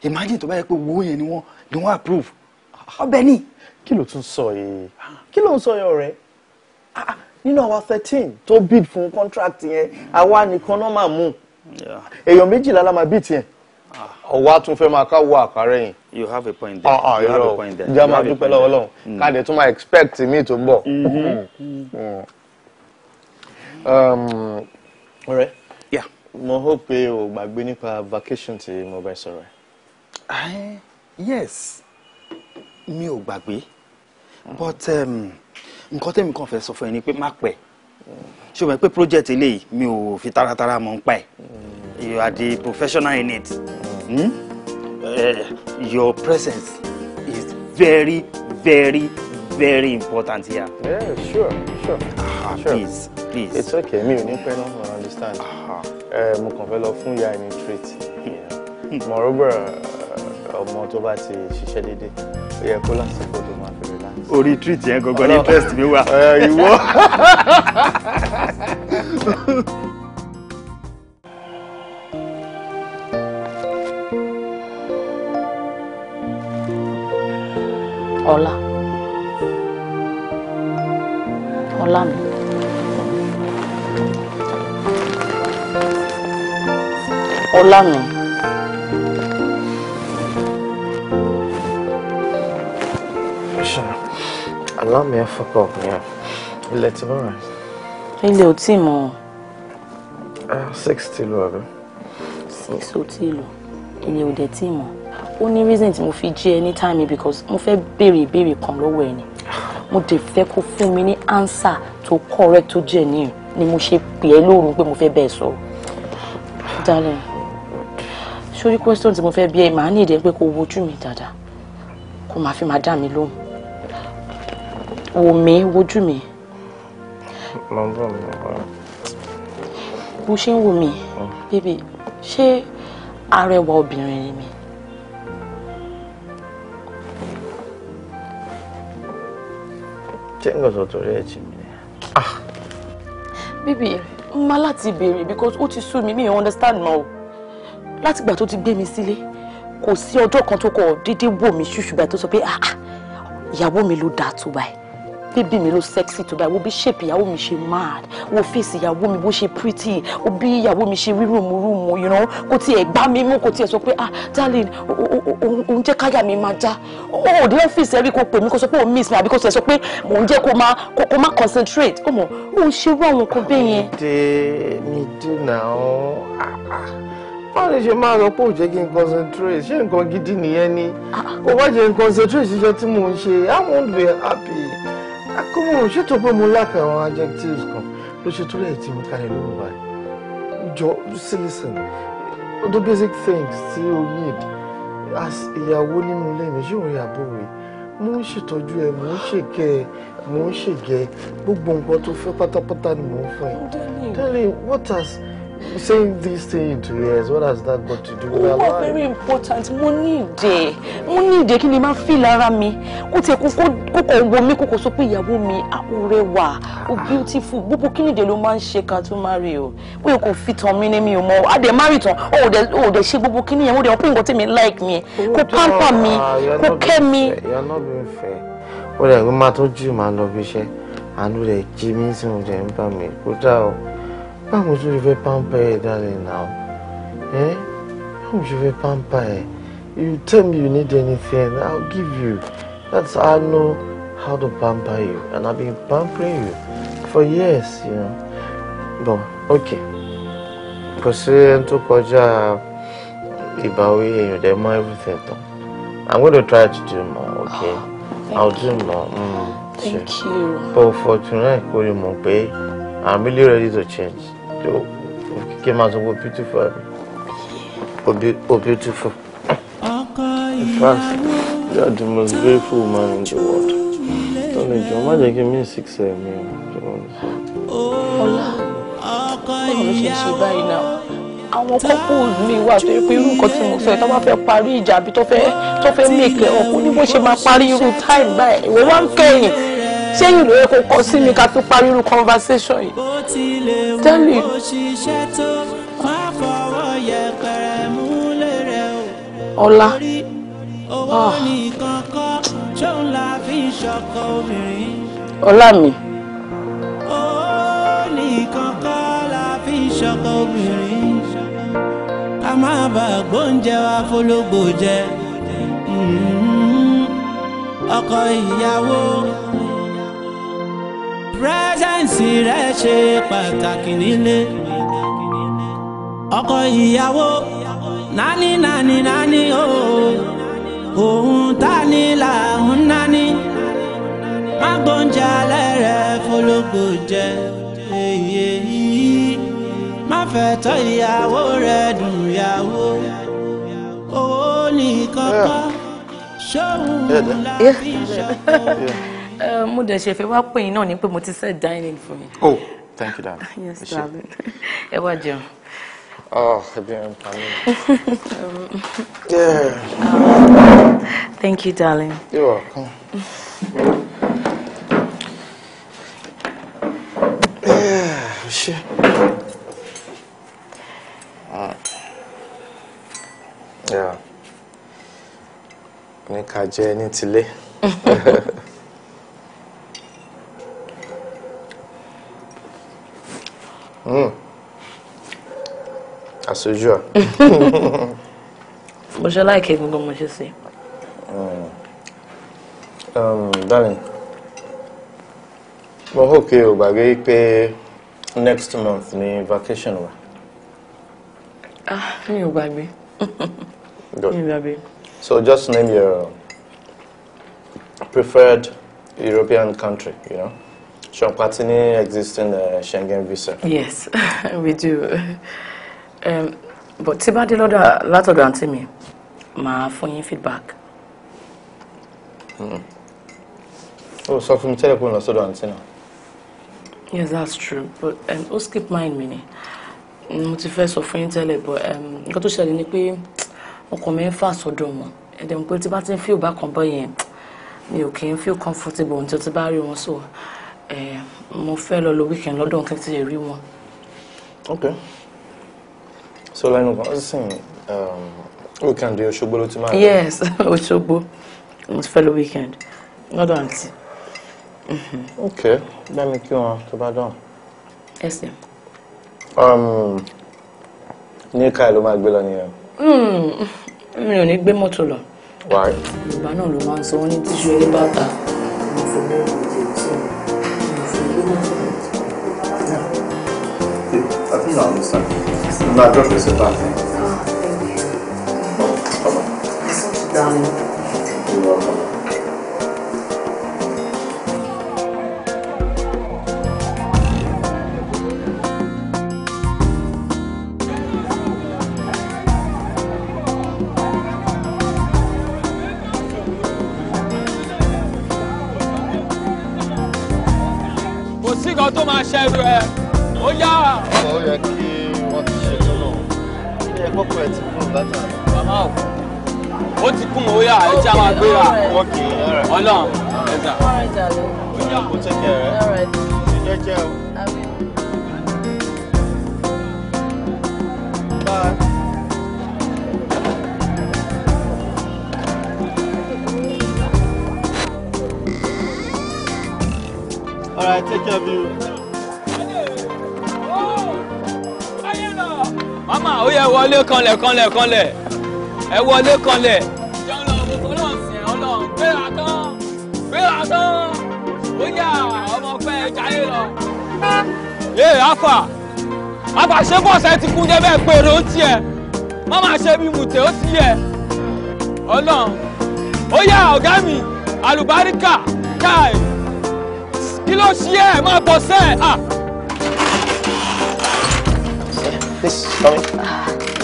Imagine tó bá yẹ pé owó yẹn ni wọ́n ló approve ọbẹ̀ ni. kí ló tún sọ yìí ah. kí ló ń sọ yìí ọ̀rẹ́ ah, ah, nínú àwa thirteen tó bid fún contract yẹn àwa nìkan náà máa mú èèyàn méjìlá la máa bid yẹn ọwọ́ tún fẹ́ máa ká wọ àkàrẹ́ yìí. you have a point there. ọ̀hún you have a point there. ìjà máa dúpẹ́ lọ́wọ́ lọ́hùn mm. káde tún máa expect mi tó ń bọ̀. Mm-hmm. Mm. Um, ọ̀rẹ́ mo hope pé o gbàgbé nípa vacation tí mo bẹ sọ̀rọ̀ ẹ̀ yes mi ò gbàgbé but um, nǹkan tẹ́mi kàn fẹ́ sọ fún ẹ ni pé má pẹ́ ṣé o mọ̀ pé project eléyìí mi ò fi taratara mọ̀ ń pa ẹ̀ you are the professional in it hmm? uh, your presence is very very very important here. Yeah, sure, sure. Ah, sure. Please, please. It's okay, mi ò ní pẹ́ náà, I understand. Ah. Eh, mo kàn fẹ́ lọ fún ìyá ẹni treat. Hmm. Moreover, ọmọ tó bá ti ṣiṣẹ́ déédéé ó yẹ kó lásìkò tó máa fi relax. orí treat yẹn gangan ní interest mi wà. ìwọ. ọlá ọlá mi. ọlá mi. Allow me to fuck up, yeah. ilẹ̀ ti bọ̀rọ̀. ilé ò tí mọ. Ah, six ti lu àbí. six ò tí lu ilé ò dẹ̀ tí mọ. reason tí mo Fiji anytime ẹ because mo fẹ́ baby, ìbéèrè kan lọ́wọ́ ẹ ni mo dẹ̀ fẹ́ kó fún answer to correct to jẹ́ ní ni mo ṣe pè ẹ́ lóru pé mo fẹ́ bẹ́ẹ̀ sọ. darling sórí question tí mo fẹ́ bí ẹ màá ní ìdẹ́ pé kó wojú mi dáadáa kó máa fi máa dá mi lóhùn wò mí wojú mi. lọ́nbọ̀ mi lọ́nbọ̀ mi. bó ṣe ń wò mí hm. bébè ṣé arẹwà obìnrin ni mi. ṣé nǹkan tó torí ẹ̀ jì mí n ah. ma láti béèrè because ó ti sú mi mi understand mọ́ o látìgbà tó ti gbé mi sílé kò sí ọjọ́ kan tó kọ̀ déédéé wò mí ṣùṣù báyìí tó sọ pé ah, ah, ìyàwó mi ló dáa tó báyìí bébì mi ló sexy tó báyìí wo bí shape ìyàwó mi ṣe mad wo face ìyàwó mi bó ṣe pretty wo bí ìyàwó mi ṣe rí rùmùrùmù you know kò tiẹ̀ gbá mi mú kò tiẹ̀ sọ pé ah darling òun jẹ́ káyà mi máa já ó dé ọ́fíìsì ẹ̀rí kò pè mí kò sọ pé òun miss mi àbí kò tiẹ̀ sọ pé mò ń jẹ́ kó máa kó máa concentrate ó mọ̀ ó ń ṣerú àwọn nǹkan bẹ́ẹ̀ yẹn. mi dé mi dé náà báwo ni ṣe máa rọ pé ò jẹ́ kí n concentrate ṣé nǹkan gidi nìyẹn ni ah, ah. kò wá jẹ́ n concentrate ṣiṣẹ́ tí mò ń ṣe I won't be happy akọ́mọ ṣètò pé mo lack àwọn adjectives kan ló ṣe torí ẹ̀ tí mo kálẹ̀ lóru báyìí jọ just listen the basic things tí o need as ìyàwó nínú ilé mi ṣé òun yàgò rè mo ń ṣètọ́jú ẹ mo ń ṣèkẹ́ ẹ mo ń ṣègẹ́ gbogbo nǹkan tó fẹ́ pátápátá ni mo ń fún ẹ darling what saying this thing to your ears what has that got to do with our life. very important Money, ní money, mo ní ìdè kí ni máa fi lára mi kó tiẹ̀ kókò wo mi kókò sọ pé ìyàwó mi àkórẹ́wà ó beautiful gbogbo kini ni ìdè ló máa ń ṣe ká tó má rè o pé kò fi tàn mí ní mi ò mọ adé má rì tán ó dẹ̀ ó dẹ̀ ṣe gbogbo kí ni yẹn ó dẹ̀ ó pè nǹkan like mi oh, kó pamper mi ah, kó kẹ́ mi. ìyá náà ló ń fẹ́ ó dẹ̀ ó máa tó jù máa lọ bí iṣẹ́ àánú rẹ̀ jí mí sí oúnjẹ ń báwo tó ṣe fẹ́ pampa now ẹ́ báwo ṣe fẹ́ pampa ẹ̀ you tell me you need anything I'll give you that's I know how to pamper you and I've been pampering you for years you know but okay kò sí ẹni tó kọjá you èèyàn dẹ̀ everything I'm going to try to do more okay oh, I'll do more. Mm, thank sure. you but for tonight kò rí mọ̀ pé. I'm really ready to change tó kíkẹ́ máa sọ pé beautiful àbí o beautiful. in fact you are the most beautiful man in the world. lọ́nà ìjọ you, jẹ́ kí n mí six ẹ̀ mi o. ọlá báwo ló ṣe ṣe báyìí náà àwọn couples mi wà tó yẹ pé irú nǹkan tí mo sọ yìí tó bá fẹ́ parí ìjà àbí tó fẹ́ tó fẹ́ mèkè ọkùnrin bó ṣe máa parí irú time báyìí ìwé wá ń kẹ́yìn ṣẹ́yìn ló yẹ kó kọ sí mi ká tó parí irú conversation yìí tẹ́lẹ̀. ọlá ah. ọlá mi. ká má bàa gbóúnjẹ wa fọlọ́gbò jẹ ọkọ ìyàwó. Presence rẹ̀ ṣe pàtàkì nílé ọkọ ìyàwó nání nání nání o òun tání là ń nání má gbóúnjẹ alẹ́ rẹ̀ fọlọ́gbò jẹ èyí má fẹ́ tọ́ ìyàwó rẹ̀ dùn ìyàwó owó nìkan kọ́ ṣóhun la fi ṣọkọ mo dẹ̀ ṣẹ̀fẹ̀ wá pè yín náà ni pé mo ti set dining for you. oh thank you darling. yes darling ẹ wá jẹun. Oh, ebi n pa mi. Thank you, darling. You're welcome. Ṣé. Ní ká jẹ ní tilé. àṣojú mm. à. mo ṣe láìkẹ́ gbogbo mo ṣe sí. Mm. Um, darling mo hò pé o gbàgbé pé next month ni vacation ah you ò gbàgbé. Good. mi ò So just name your preferred European country, you know. Champatini existing uh, Schengen visa. Yes, we do. Um, but tí bá dé lọ́dọ̀ látọ̀dọ̀ àǹtí mi, màá fún yín feedback. Ó hmm. sọ fún mi tẹ́lẹ̀ pé ó lọ Yes, that's true. But ó um, skip mind mi ni. Mm, mo ti fẹ́ sọ fún but um, nǹkan tó ṣẹlẹ̀ ni pé ọkàn mi ń fà sọ́dọ̀ wọn. Ẹ̀dẹ̀ mo pé tí bá ti ń feel back on yẹn, You can feel comfortable until tí bá rí wọn Eh, mo fẹ́ lọ lo weekend lọ́dọ̀ nǹkan tí lè rí wọn. ok so lẹ́nu kan sìn um, weekend Òṣogbo ló ti máa rí. yes Òṣogbo mo ti fẹ́ lo weekend lọ́dọ̀ àǹtí. Mhm. ok dámi kí wọn tó bá dán. Um, ẹ ṣe. ní káyọ̀ ló máa gbé lọ nìyẹn. Hmm, mi ò ní gbé mọ́tò lọ. yorùbá náà ló máa ń sọ wọn ní tíṣu ẹni bàtà. mo fowó ọ̀rọ̀ jẹ́ I think I understand. No, I just reset that thing. Oh, thank you. Bye-bye. Listen, darling. You're welcome. tó máa ó yá. ó yẹ kí wọ́n ti ṣe tó náà ilé ẹ̀kọ́ kan ẹ̀ ti kún un látà. bàbá ò ó ti kún un ó yá ẹ jẹ́ àwọn agbéra ọlọ́run ẹ̀dá. ó yá ó tẹ̀kẹ̀ rẹ̀ ṣe jẹ́jẹ́ o. Bye. All right, take care of you. màmá ó yẹ wọlé kanlẹ̀ kanlẹ̀ kanlẹ̀ ẹ wọlé kanlẹ̀. ee afa afa ṣé bọ́ọ̀sì ẹ ti kún jẹ́ bẹ́ẹ̀ pèrè ó tiẹ̀ má máa ṣe bí mùtẹ́ ó ti yẹ ọlọ́run ó mi àlùbáríkà káì kí ló ṣe ẹ máa bọ̀ sẹ́ẹ̀ ah. This, sorry. Ah, thank you.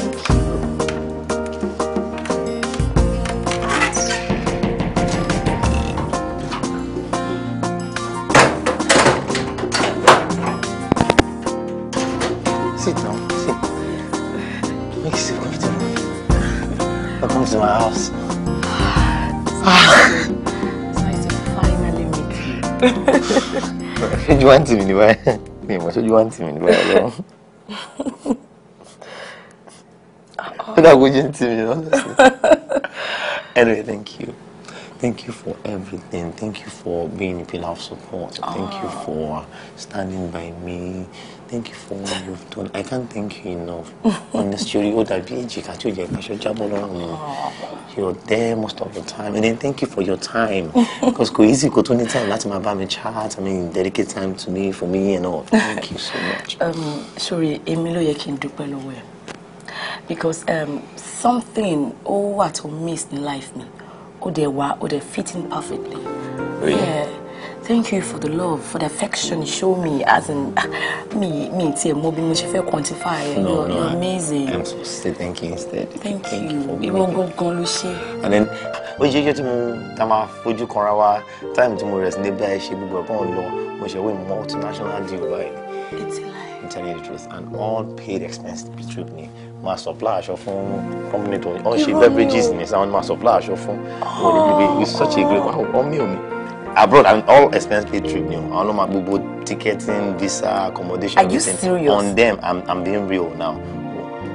Sit down, sit. Make yourself comfortable. Welcome to my house. Ah. It's nice to finally meet you. Ṣojú wá ń tì mí ní báyìí. Mi that wouldn't TV, honestly. anyway, thank you. Thank you for everything. Thank you for being a pillar of support. Oh. Thank you ah. for standing by me. Thank you for what you've done. I can't thank you enough. Honestly, ó dàbí èjìká tí ó jẹ́ ìpàṣẹ jábọ́ lọ́rùn mi. Ah. You're there most of the time. And then thank you for your time. Because kò easy kò tó time That's my bá mi chat. I mean, dedicate time to me, for me and all. Thank you so much. Um, sorry, èmi you. yẹ kí n dúpẹ́ lọ́wọ́ because um, something ó what tó miss in life me, ó they were ó they fitting perfectly. Really? Yeah. Thank you for the love, for the affection you show me as in me me it's a mobile. mo ṣe quantify No, you're, no, you're amazing. I'm supposed to say thank you instead. Thank, thank you. Ìwọ gangan ló ṣe. And then ojú ẹjọ́ tí mo ta máa fojú kanra wa time tí mo rẹ̀ sí ní bí a ṣe gbogbo ẹ̀kọ́ lọ mo ṣe wé multinational deal báyìí. It's like n tell you the truth an unpaid expense trip ni máa supply aṣọ fún company tó ń ṣe beverages ni sáwọn máa supply aṣọ fún wọn ní bíbí it's such a great wow ọmọ mi abroad and all expense paid trip ni o àwọn ló máa ticketing visa accommodation Are you serious? on them i'm i'm being real now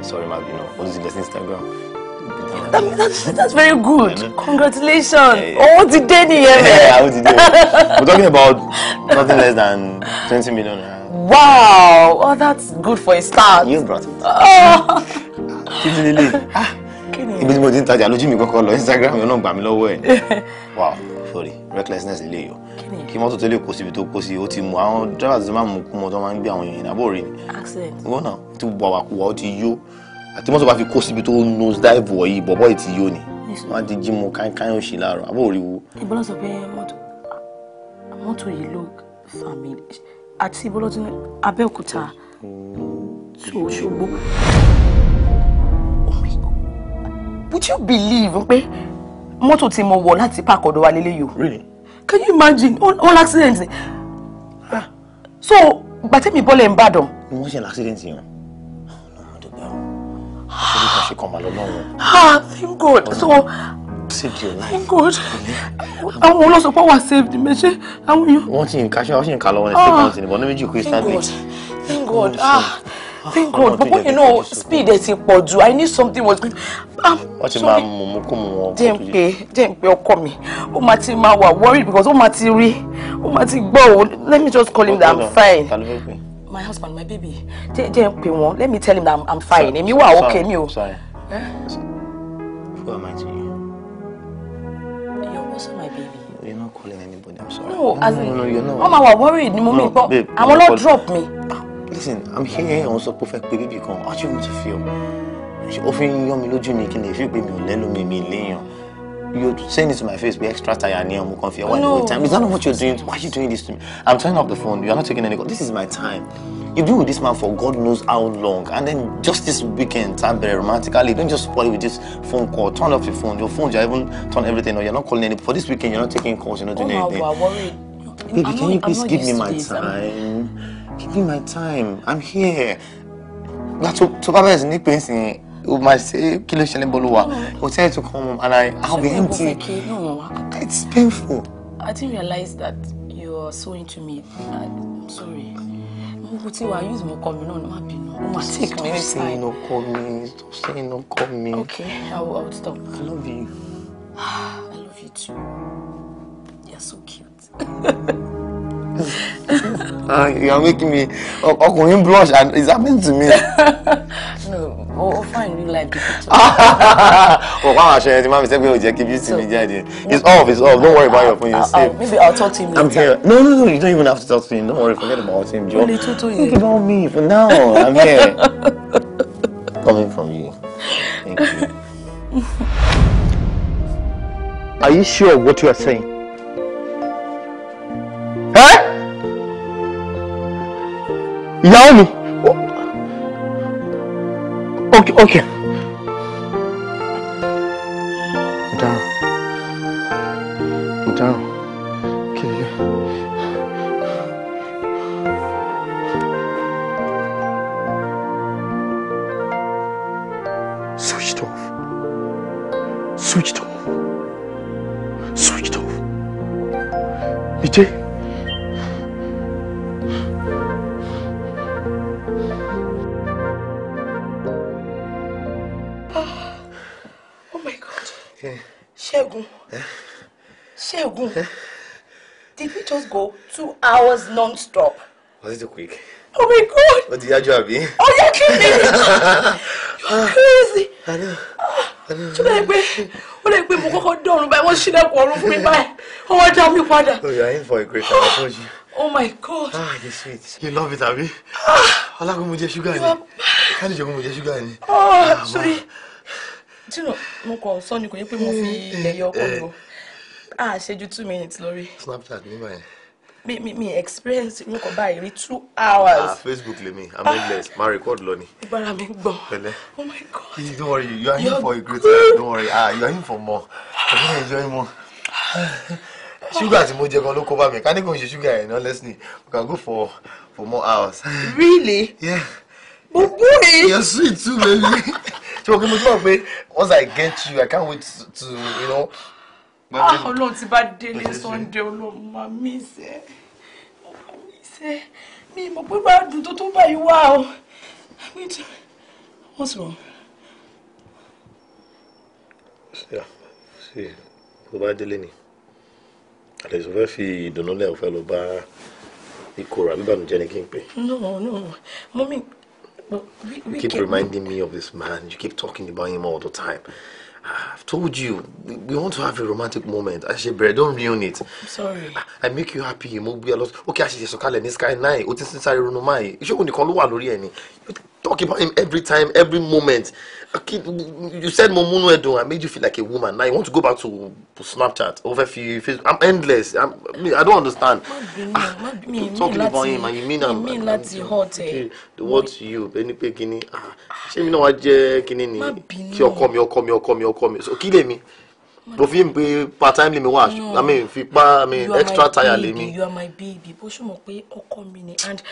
sorry ma you know olùsìlẹ̀ sí instagram. That, that's, that's very good. Congratulations. Yeah, yeah. Owó oh, ti dé nìyẹn. Yeah, owó We're talking about nothing less than twenty million naira. Wow! Oh, that's good for a start. You brought it. Ah. Kí ni lélẹ̀? Ah, Ibi tí mo ti ń tajà lójú mi kọ́kọ́ lọ Instagram yẹn náà gbà mí lọ́wọ́ ẹ̀. Wow! Sorry, recklessness lélẹ̀ yọ. Kí mọ́tò tó lè kó síbi tó kó sí, ó ti mú àwọn drivers tó máa mú kú mọ́ máa ń gbé àwọn èèyàn ìdábò rí ni. Accident. Wọ́n náà ti bu àwàkuwà ó ti yó. Àti mọ́tò bá fi kó síbi tó nose dive wọ̀ yìí, bọ̀bọ́ ì ti yó ni. Wọ́n á ti jí mu káínkáín òṣì láàárọ̀, àbó òrí wo. Ìbọ́lá sọ pé mọ́tò yìí ló fà mí àti bọ́lọ́dún Abẹ́òkúta tó Òṣogbo. Oh Would you believe pé mọ́tò tí mo wọ̀ láti park ọ̀dọ̀ wa lélẹ́yìí o? Can you imagine? All accident ah. So gbàtẹ́mi bọ́lẹ̀ ń bàdàn. Wọ́n ṣe accident yẹn. Ọlọ́run dùgbà. Ṣé bí Ah, thank God. So saved your life. Oh God àwọn olóṣọpọ̀ wà saved mi ṣé àwọn èèyàn. wọ́n ti ń ka ṣe wọ́n sì ń ka lọ́wọ́ ní state council ìbọn ní méjì christianly. Oh, ah, thank God ah Thank God but you know speed ẹ ti pọ̀ jù I need something was. Ah, wọ́n ti máa mú mú kó mú wọn. jẹ́ ń pe jẹ́ ń pe ọkọ mi ó máa ti máa wà worried because ó máa ti rí ó máa ti gbọ́ o let me just call him that I'm fine. my husband my baby jẹ́ jẹ́ ń pe wọn let me tell him that I'm fine èmi wà okay mi o. Eh? Who am I to you? also my baby. You're not calling anybody, I'm sorry. No, no as no, in, no, no, you're not. Wọ́n máa worried ni mo mi gbọ́. Àwọn lọ drop me. Listen, I'm here on so perfect fẹ́ pé bíbí how do you want to feel? Ó fi ń yán mi lójú If you n me fi pé mi ò lẹ́nu mi, You're saying this to my face, be extra tired near mo confused. fi wait time. Is that not what you're doing? Why are you doing this to me? I'm turning off the phone. You are not taking any call. This is my time. You be with this man for God knows how long, and then just this weekend, time very romantically. Don't just spoil it with this phone call. Turn off your phone. Your phone, you even turn everything off. You're not calling any. For this weekend, you're not taking calls. You're not doing oh, anything. Oh, worried. Baby, I'm can not, you please give me my this. time? I'm... Give me my time. I'm here. Now, to, to Baba is Nick Benson. o ma say, kí ló ṣẹlẹ̀ bọ́lúwa mm. o tell to come home and I I'll be empty it's painful. I didn't realize that you're so into me I'm sorry mo ti use mo kọ mi náà ní má bínú mo ma take me inside. stop saying ọkọ mi stop saying ọkọ mi. okay i will, I will stop. i love you. i love you too. you are so cute. uh, you are making me Oh, oh, ọkùnrin blush and is meant to me. no Oh, fine real life different. o pa àwọn aṣọ yẹn ti máa fi sẹ́gbẹ́ òjẹ́ kí me. it's off it's off don't worry about your phone maybe I'll talk to him I'm here no no no you don't even have to talk to him don't worry forget about him. o le tutu yìí. think about me for now I'm here. coming from you thank you. Are you sure of what you are saying? Huh? Ìyàwó mi. Okay, okay. hours non-stop. Was it too quick? Oh my god! What did you do, Abby? Oh, you're kidding me! you're crazy! I know. Tó bẹ́ẹ̀ pé ó lè pé mo kọ́kọ́ dọ̀rùn báyìí wọ́n ṣílẹ̀kùn ọ̀run fún mi I Ó wá dá mi padà. Oh, you're in for a great time, I told you. Oh my god! Ah, the sweet. You love it, Abby? Alágun ah. mo jẹ ṣúgà ni. How jẹ́ you mo jẹ ṣúgà ni. Oh, sorry. Do you know, mo kàn sọ ni kò yẹ in your fi eh, eh, eh. Ah, ọkọ mi you two minutes Lori. Snapchat ní man. Me mi mi experience irú kan báyìí rí two hours. ah facebook le lèmi i'm endless ma record lọ ni. ìbára mi gbọ́ oh my god. don't worry you are in for a great time don't worry ah you are in for more i don enjoy more. Sugar, tí mo jẹ gan ló kó bá mi ká ní kò ń ṣe ṣúgà yẹn náà lẹ́sìn we can go for for more hours. really. yeah. bubu e. you're sweet too baby. ṣé o kí mo tún mọ̀ pé once i get you i can't wait to, to you know. Ah, Ọlọ́run ti bá délé Sunday olóòmà mí sẹ́ fẹ́ mi mọ̀ pé bá dùn tó tó báyìí wá o what's wrong. ṣe ṣe bó bá délé ni àlejò fẹ́ fi ìdùnnú lẹ́yìn fẹ́ lọ bá ìkórà bíbànújẹ́ ni kí n pè. no no mọ́mí. you keep reminding me of this man. You keep talking about him all the time. I've ah, told you, we want to have a romantic moment. I said, Brad, don't ruin it. I'm sorry. I, ah, I make you happy, you move me a lot. Okay, I said, so Kale, this guy nine, Otis run away. You should go and call one or any talk about him every time, every moment. You said Momunu edo, I made you feel like a woman. Now you want to go back to Snapchat, over Overview, Facebook. I'm endless. I'm, I, don't understand. Be ah, me, talking me about him and you mean I'm... Me I'm, I'm hot, eh? The word to you, Benny Pekini. Ah, ṣé mi náà wá jẹ́ kíní ni? come, ọkọ come, ọkọ come. ọkọ mi, So kill me tó fi ń pe part time lèmi wà i mean fi pa i extra tire lèmi. you are my baby bó ṣùmọ̀ pé ọkọ mi ni and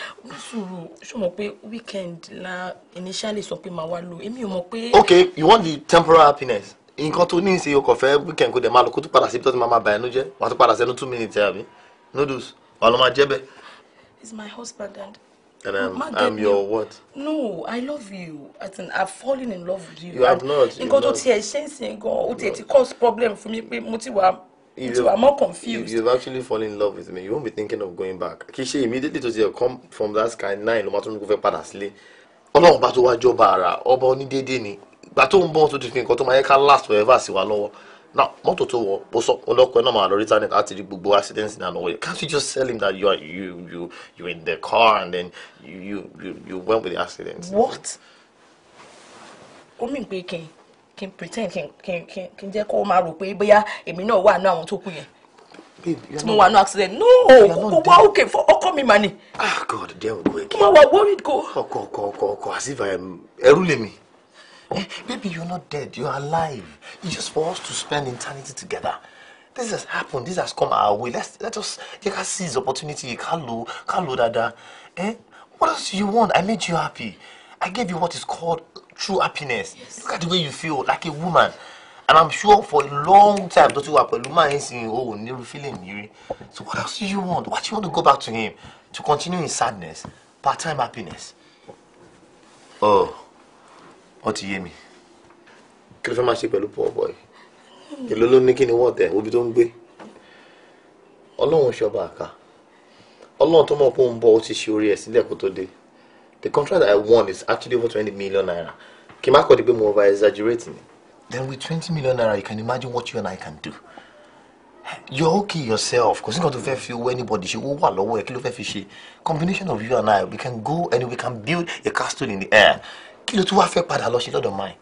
sùúrù ṣùmọ̀ pé weekend la initially sọ pé màá wá lò èmi ò mọ̀ pé. okay you want the temporary happiness nǹkan tó ní ìsìn ọkọ̀ fẹ́ weekend kó dẹ̀ máa lọ kó tó padà síbi tó ti máa máa bà ẹnu jẹ́ wà á padà sẹ́nu two minutes ẹ̀ àbí noodles wà ló máa jẹ́ bẹ́ẹ̀. he's my husband and And I'm, I'm your me. what? No, I love you. As in, I've fallen in love with you. You have not. Nǹkan tó tiẹ̀ ṣe ń sìn problem fún mi if you are more confused. If you've actually fallen in love with me, you won't be thinking of going back. Kì immediately to tiẹ̀ come from that sky nine no matter tún kó fẹ́ padà sílé. Ọlọ́run bá tó wá jọba ara, ọba onídéédé ni. Gbà tó ń bọ̀ tó ti fi nǹkan tó máa yẹ ká last forever sí wa lọ́wọ́ now mọ́tò tó wọ bó sọ ọlọ́pàá náà máa lọ return it àti gbogbo accident náà lọ́wọ́ yẹn can't you just tell him that you are you you you in the car and then you you you, went with the accident. what ó mì pé kí n kí n pretend kí n kí n kí n jẹ́ kó o máa rò pé bóyá èmi náà wà ní àwọn tó kù yẹn accident no kò wá òkè fún ọkọ mi màní. ah god there we go again. mo wà worried go. ọkọ ọkọ ọkọ ọkọ as if i am ẹrú lèmi. Eh, baby, you're not dead. You're alive. It's just for us to spend eternity together. This has happened. This has come our way. Let's let us. take a seize opportunity. Kalu, kalu, dada. Eh? What else do you want? I made you happy. I gave you what is called true happiness. Yes. Look at the way you feel, like a woman. And I'm sure for a long time, Dr. Wapeluma is saying, oh, never feeling you. So what else do you want? What do you want to go back to him? To continue in sadness? Part-time happiness? Oh ó ti yé mi. kí ló fẹ́ máa ṣe pẹ̀lú poor boy èló ló ní kí ni wọ́n tẹ̀ obi tó ń gbé ọlọ́run ṣọba àká ọlọ́run tó mọ̀ pé òun bọ̀ ó ti ṣe orí ẹ̀ sílẹ̀ kó tó dé the contract I won is actually over twenty million naira kì í má kọ́ di pé mo over exaggerate ni then with twenty million naira you can imagine what you and I can do you're okay yourself kò sí nǹkan tó fẹ́ fi owó anybody ṣe owó wà lọ́wọ́ ẹ̀ kí ló fẹ́ fi ṣe combination of you and I we can go and we can build a castle in the air kí ló tún wá fẹ́ padà lọ ṣe lọ́dọ̀ máa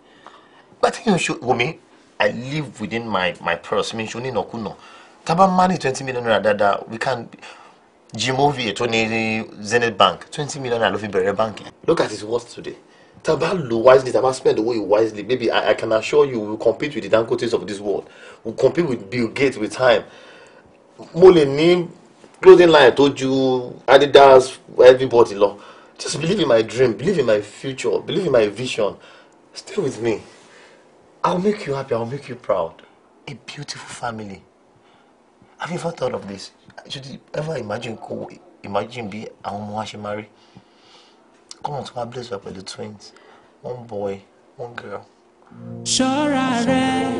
gba tí yóò ṣe wòmí i live within my my purse mi ṣe onínàkúnà tá a bá má ní twenty million naira dáadáa we can jimovi ètò ní zenith bank twenty million naira ló fi bẹ̀rẹ̀ báńkì. look at his worth today tá a bá lo wisely tá a bá spend owó wisely maybe I, i can assure you we will compete with the dangotes of this world we will compete with bill gates with time mo lè ní clothing line tó ju adidas everybody lọ Just believe in my dream, believe in my future, believe in my vision. Stay with me. I'll make you happy, I'll make you proud. A beautiful family. Have you ever thought of this? Should you ever imagine imagine bí a woman she marry. Come on, to my place with the twins. One boy, one girl. Sure I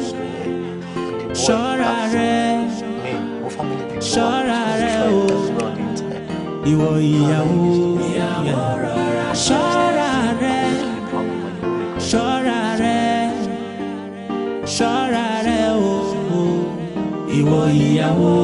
Ṣọ́ra rẹ̀. Me, our family people. Ṣọ́ra rẹ̀ ìwọ ìyàwó ṣọ́ra rẹ ṣọ́ra rẹ ṣọ́ra rẹ o ìwọ ìyàwó.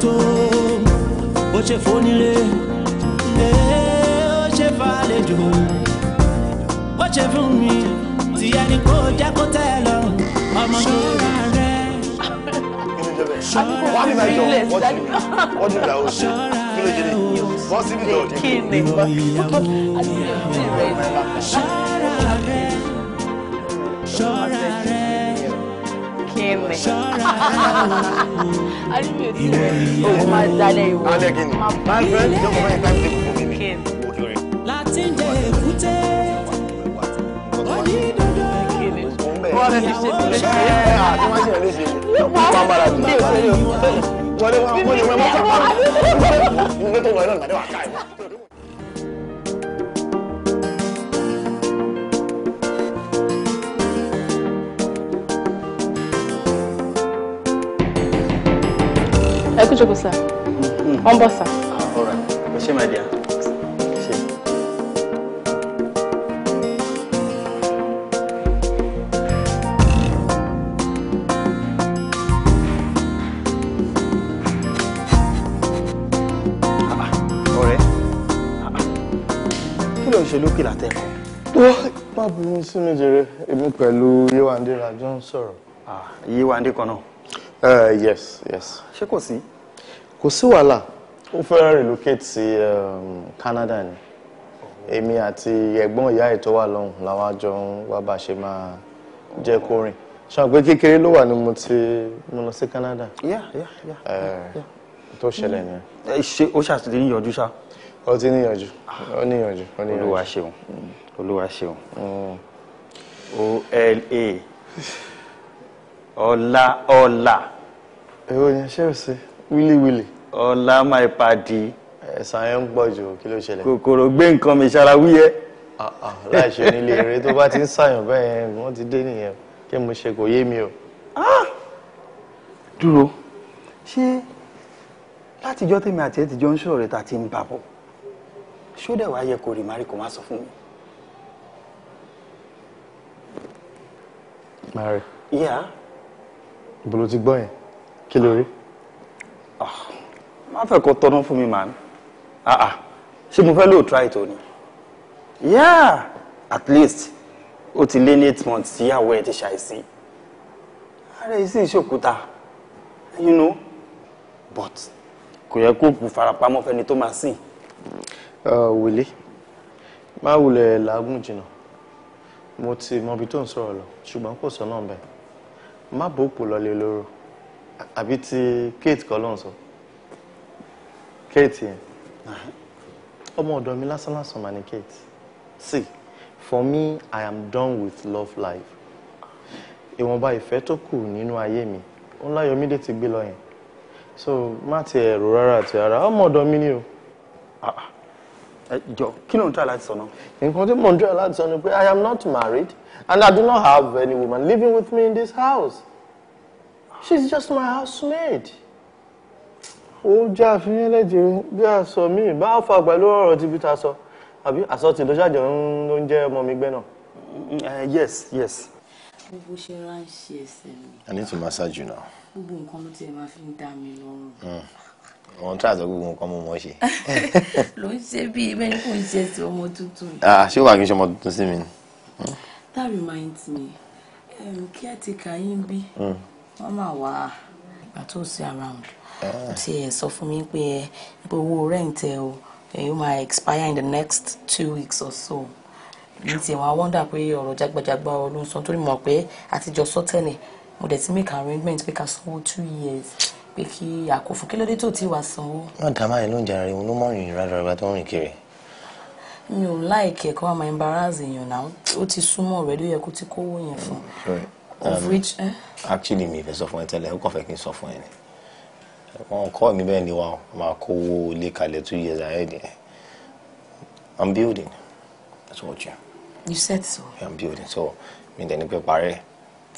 tó bó ṣe fónílé lé ó ṣe fàlejò ó ṣe fún mi tí ẹni kò jẹ́ kó tẹ́ lọ ọmọ mi rà rẹ. wọ́n ní báyìí jọ wọ́n ti wọ́n ti gbà oṣù kí ló jẹ́ ní wọ́n sì ń lọ òde. kí ni ṣọ́ra rẹ ṣọ́ra rẹ mi. Arígbè tí òun máa dalẹ̀ ìwọ. Alẹ́ kí ni? Máa fẹ́ jọ́kọ̀ báyìí ká ṣe fún mi. Kí ni? Láti ń jẹ èkúté. Wọ́n ti ṣe ti léṣe. Àti wọ́n ṣe léṣe. Wọ́n bára jù. Wọ́n lé wọn, wọ́n lé wọn, wọ́n sàpá. Nígbà tó lọ ilé ọ̀nà àdéhùn àká ìwọ. kú jókòó sir wọ́n bọ̀ sir. all right kò ṣe my dear. Ah, ah, ah, ṣe lókè látẹ̀kọ́. má bínú sí mi jèrè èmi pẹ̀lú Yéwándé la jọ ń sọ̀rọ̀. Yéwándé kan náà. Uh, yes yes. ṣé kò sí wàhálà ó fẹ́ relocate sí um, Canada ni èmi àti ẹ̀gbọ́n ìyá ẹ̀ tó wà lọ́hùn làwọn àjọ ń wá bá ṣe máa jẹ́ kó rìn ṣùgbọ́n pé kékeré ló wà ní mo ti mo lọ sí Canada eh, tó ṣẹlẹ̀ ni. Eh, ṣé ó ṣàtìlẹ́ níyànjú ṣá. ó ti níyànjú ó níyànjú ó níyànjú. olúwa ṣeun olúwa ṣeun mm. ola ọlá. èwo ni ṣé o ṣe wíliwíli. ọ̀la máa pàdé. ẹ̀sán yẹn ń pọ̀ jù kí ló ṣẹlẹ̀. kòkòrò gbé nǹkan mi ṣara wúyẹ́. láìṣe nílé eré tó bá ti ń ṣàyàn bẹ́ẹ̀ wọ́n ti dé nìyẹn kí mo ṣe kò yé mi o. dúró ṣé látijọ́ tèmi àti ẹ̀ tijọ́ ń ṣọ̀rẹ́ ta ti ń bàbọ̀ ṣó dẹ̀ wá yẹ rí mari kó má sọ fún mi. mari. ìyá. ibo ti gbọ́ yẹn kí ló rí. Ah, má fẹ́ kó tọ́nà fún mi màá ní ah, ah, ṣé mo fẹ́ lóò try tó ni yeah at least ó ti lé ní eight months tíyàwó ẹ ti ṣàìsí ara ẹ sì ń ṣòkúta you know but kò yẹ kó kù farapamọ́ fẹ́ni tó máa sìn. wòlé má wulẹ̀ làágùn jìnnà mo ti mọbi tó ń sọ̀rọ̀ lọ ṣùgbọ́n kò sọ náà bẹ́ẹ̀ má bòókù lọ lé lóró àbí ti Kate kọ́ ló sọ Kate yẹn ọmọ ọ̀dọ̀ mi lásán lásán mà ní Kate see for me I am done with love life ìwọ̀nba ìfẹ́ tó kù nínú ayé mi Ọláyọmídé ti gbé lọ yẹn so má ti ẹ̀rù rárá àti rárá ọmọ ọ̀dọ̀ mi ni o. Ah, ah. jọ kí ló ń tọ́ láti sọ náà. nǹkan tí mò ń tọ́ láti sọ ni pé I am not married and I do not have any woman living with me in this house she's just my housemaid. ó jẹ́ àfihàn lẹ́jẹ̀ bí a sọ mí bá a fa pẹ̀lú ọ̀rọ̀ tí bíta sọ àbí àsọtì ló ṣàjọ ló ń jẹ́ ọmọ mi gbẹ́ náà. Mm, eh, yes yes. gbogbo ṣe ránṣẹ́ ẹsẹ̀ mi. I need to massage you now. gbogbo nǹkan ló tiẹ̀ máa fi ń dá mi lọ́rùn mm. wọn tí a sọ gbogbo nǹkan mú mọ ṣe. ló ń ṣe bí bẹ́ẹ̀ kò ń ṣe sí ọmọ tuntun. Ah, ṣé ó wà kí n ṣe ọmọ mi. that reminds me um, caretaker yín bí mm wọ́n máa wà ìgbà tó sí around eh. ti ẹ̀ sọ fún mi pé ẹ pé owó rent ẹ o eh, yóò máa expire in the next two weeks or so ní tiẹ̀ wọ́n á wọ́ndà pé ọ̀rọ̀ jágbajàgba ló ń san torí mọ̀ pé àtijọ́ sọ́tẹ̀lẹ̀ mo dẹ̀ ti make arrangement pé ká sanwó two years pé kí àkófò kí ló dé tó ti wà sanwó. wọn dá máa ń lóúnjẹ ara wọn ló mọ ìrìn rárá rárá tó ń rìn kiri. mi ò láìkẹ́ kó wá máa embarrass náà ó ti súnmọ́ ọ̀rẹ́ ló yẹ kó ti kówó yẹn fún un of um, which. Eh? actually mi fẹ́ sọ fún ẹ tẹ́lẹ̀ ó kàn fẹ́ kí n sọ fún ẹ ni wọn kọ́ mi bẹ́ẹ̀ ni wa máa kówó ilé kalẹ̀ two years ahead yẹn i'm building that's what you. you said so. Yeah, i'm building so mi dẹ̀ ni pé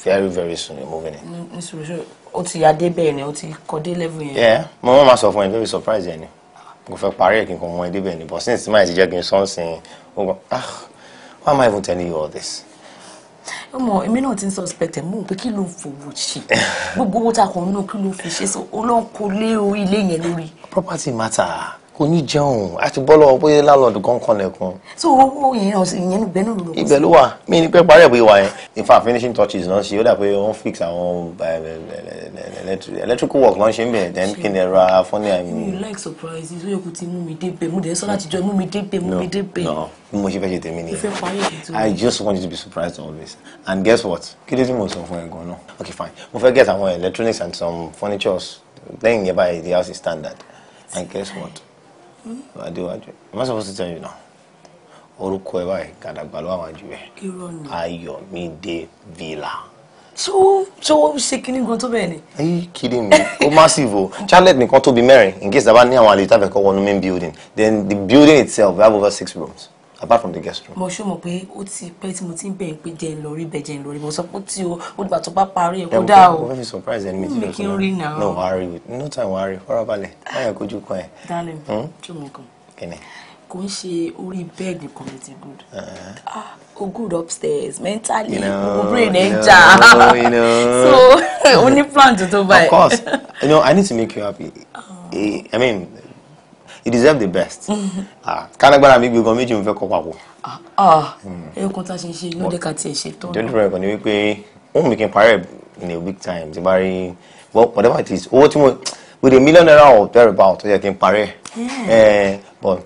very very soon you're moving in. nítorí ṣe o ti adé bẹ́ẹ̀ ni o ti kọ́dé level yẹn. ẹ mo máa ma sọ fún ẹ very surprised, yẹn ni mo fẹ́ parẹ́ kí n kò mọ ẹ débẹ̀ ni but since my ti jẹ́ kí n sọ́nsìn ó gbọ́n ah why am i even telling you all this ọmọ èmi náà ti ń suspect ẹ̀ mú un pé kí ló ń fowó ṣe gbogbo owó tá a kàn ń ná kí ló fi ṣe so ó ló ń kó ilé yẹn lórí. property matter kò ní jẹun a ti bọ́ lọ́wọ́ bóyá láńlọ́ọ̀dù kan kan lẹ́kùn. so owó yẹn ọ̀sẹ̀ yẹn ló gbẹ́nu lò. ibẹ̀ ló wà mí ni pé parí ẹ̀ pé wà yẹn in fact finishing touches náà ṣe ó dà pé wọ́n fix àwọn eh, eh, eh, electrical work náà ṣe ń bẹ̀ then kí ni ẹ̀rọ afọ́nì àmì. you like surprises ó yẹ kó ti mú mi débẹ̀ mú dẹ̀ sọ láti jọ mú mi débẹ̀ mú mi débẹ̀. no bí mo ṣe fẹ́ ṣe tèmi nìyẹn i just want you to be surprised always and guess what kí ló ti mò ń sọ fún ẹ gan-an okay fine mo fẹ́ get àwọn electronics and some furnitures lẹ́yìn yẹn báyìí the house is standard and guess what adéwájú am I supposed to tell you now orúkọ ẹ báyìí gàdàgbà ló àwọn àjù rẹ Ayọ̀mídé Villa. so so ó ṣe kíní gan tó bẹ́ẹ̀ ni. are you kidding me ó massive o Charlotte nìkan tóbi mẹ́rin in case dábàá ní àwọn àlejò tàbí ẹ̀kọ́ wọnú main building then the building itself we have over six rooms apart from the guest room. mo ṣó mọ̀ pé ó ti pẹ́ tí mo ti ń bẹ̀rẹ̀ pé jẹ́ ń lọ bẹ́ẹ̀ jẹ́ ń lọ mo sọ pé tí o olùgbà tó bá parí ẹ̀ kó dá o. wọ́n fi surprise ẹni méjì lọ́sọ̀rọ̀ mi kí n rí náà. no wàá rí no time wàá rí fọ́nrọ́balẹ̀ láyọ̀ kojú kan ẹ̀. darling hmm? jù mí kan kò ń ṣe orí bẹ́ẹ̀dì kan mi ti good uh-huh. ah o good upstairs mentally o brain ẹ̀ ń jà so o ní plan tuntun báyìí. of course you know, I need to make you happy. Oh. Eh, I mean you deserve the best. Ah, kánagbára mi gbẹ̀gàn méjì mo fẹ́ kọ́ you ẹ̀ẹ́kan tá a ṣe ń ṣe inú dẹ́ka tiẹ̀ ṣe tán. don't worry kò ní wípé òun we kì í parẹ́ in a week time ti bá well whatever it is owó tí with a million naira or thereabout ó can kí n parẹ́ ẹ̀ hmm. eh, but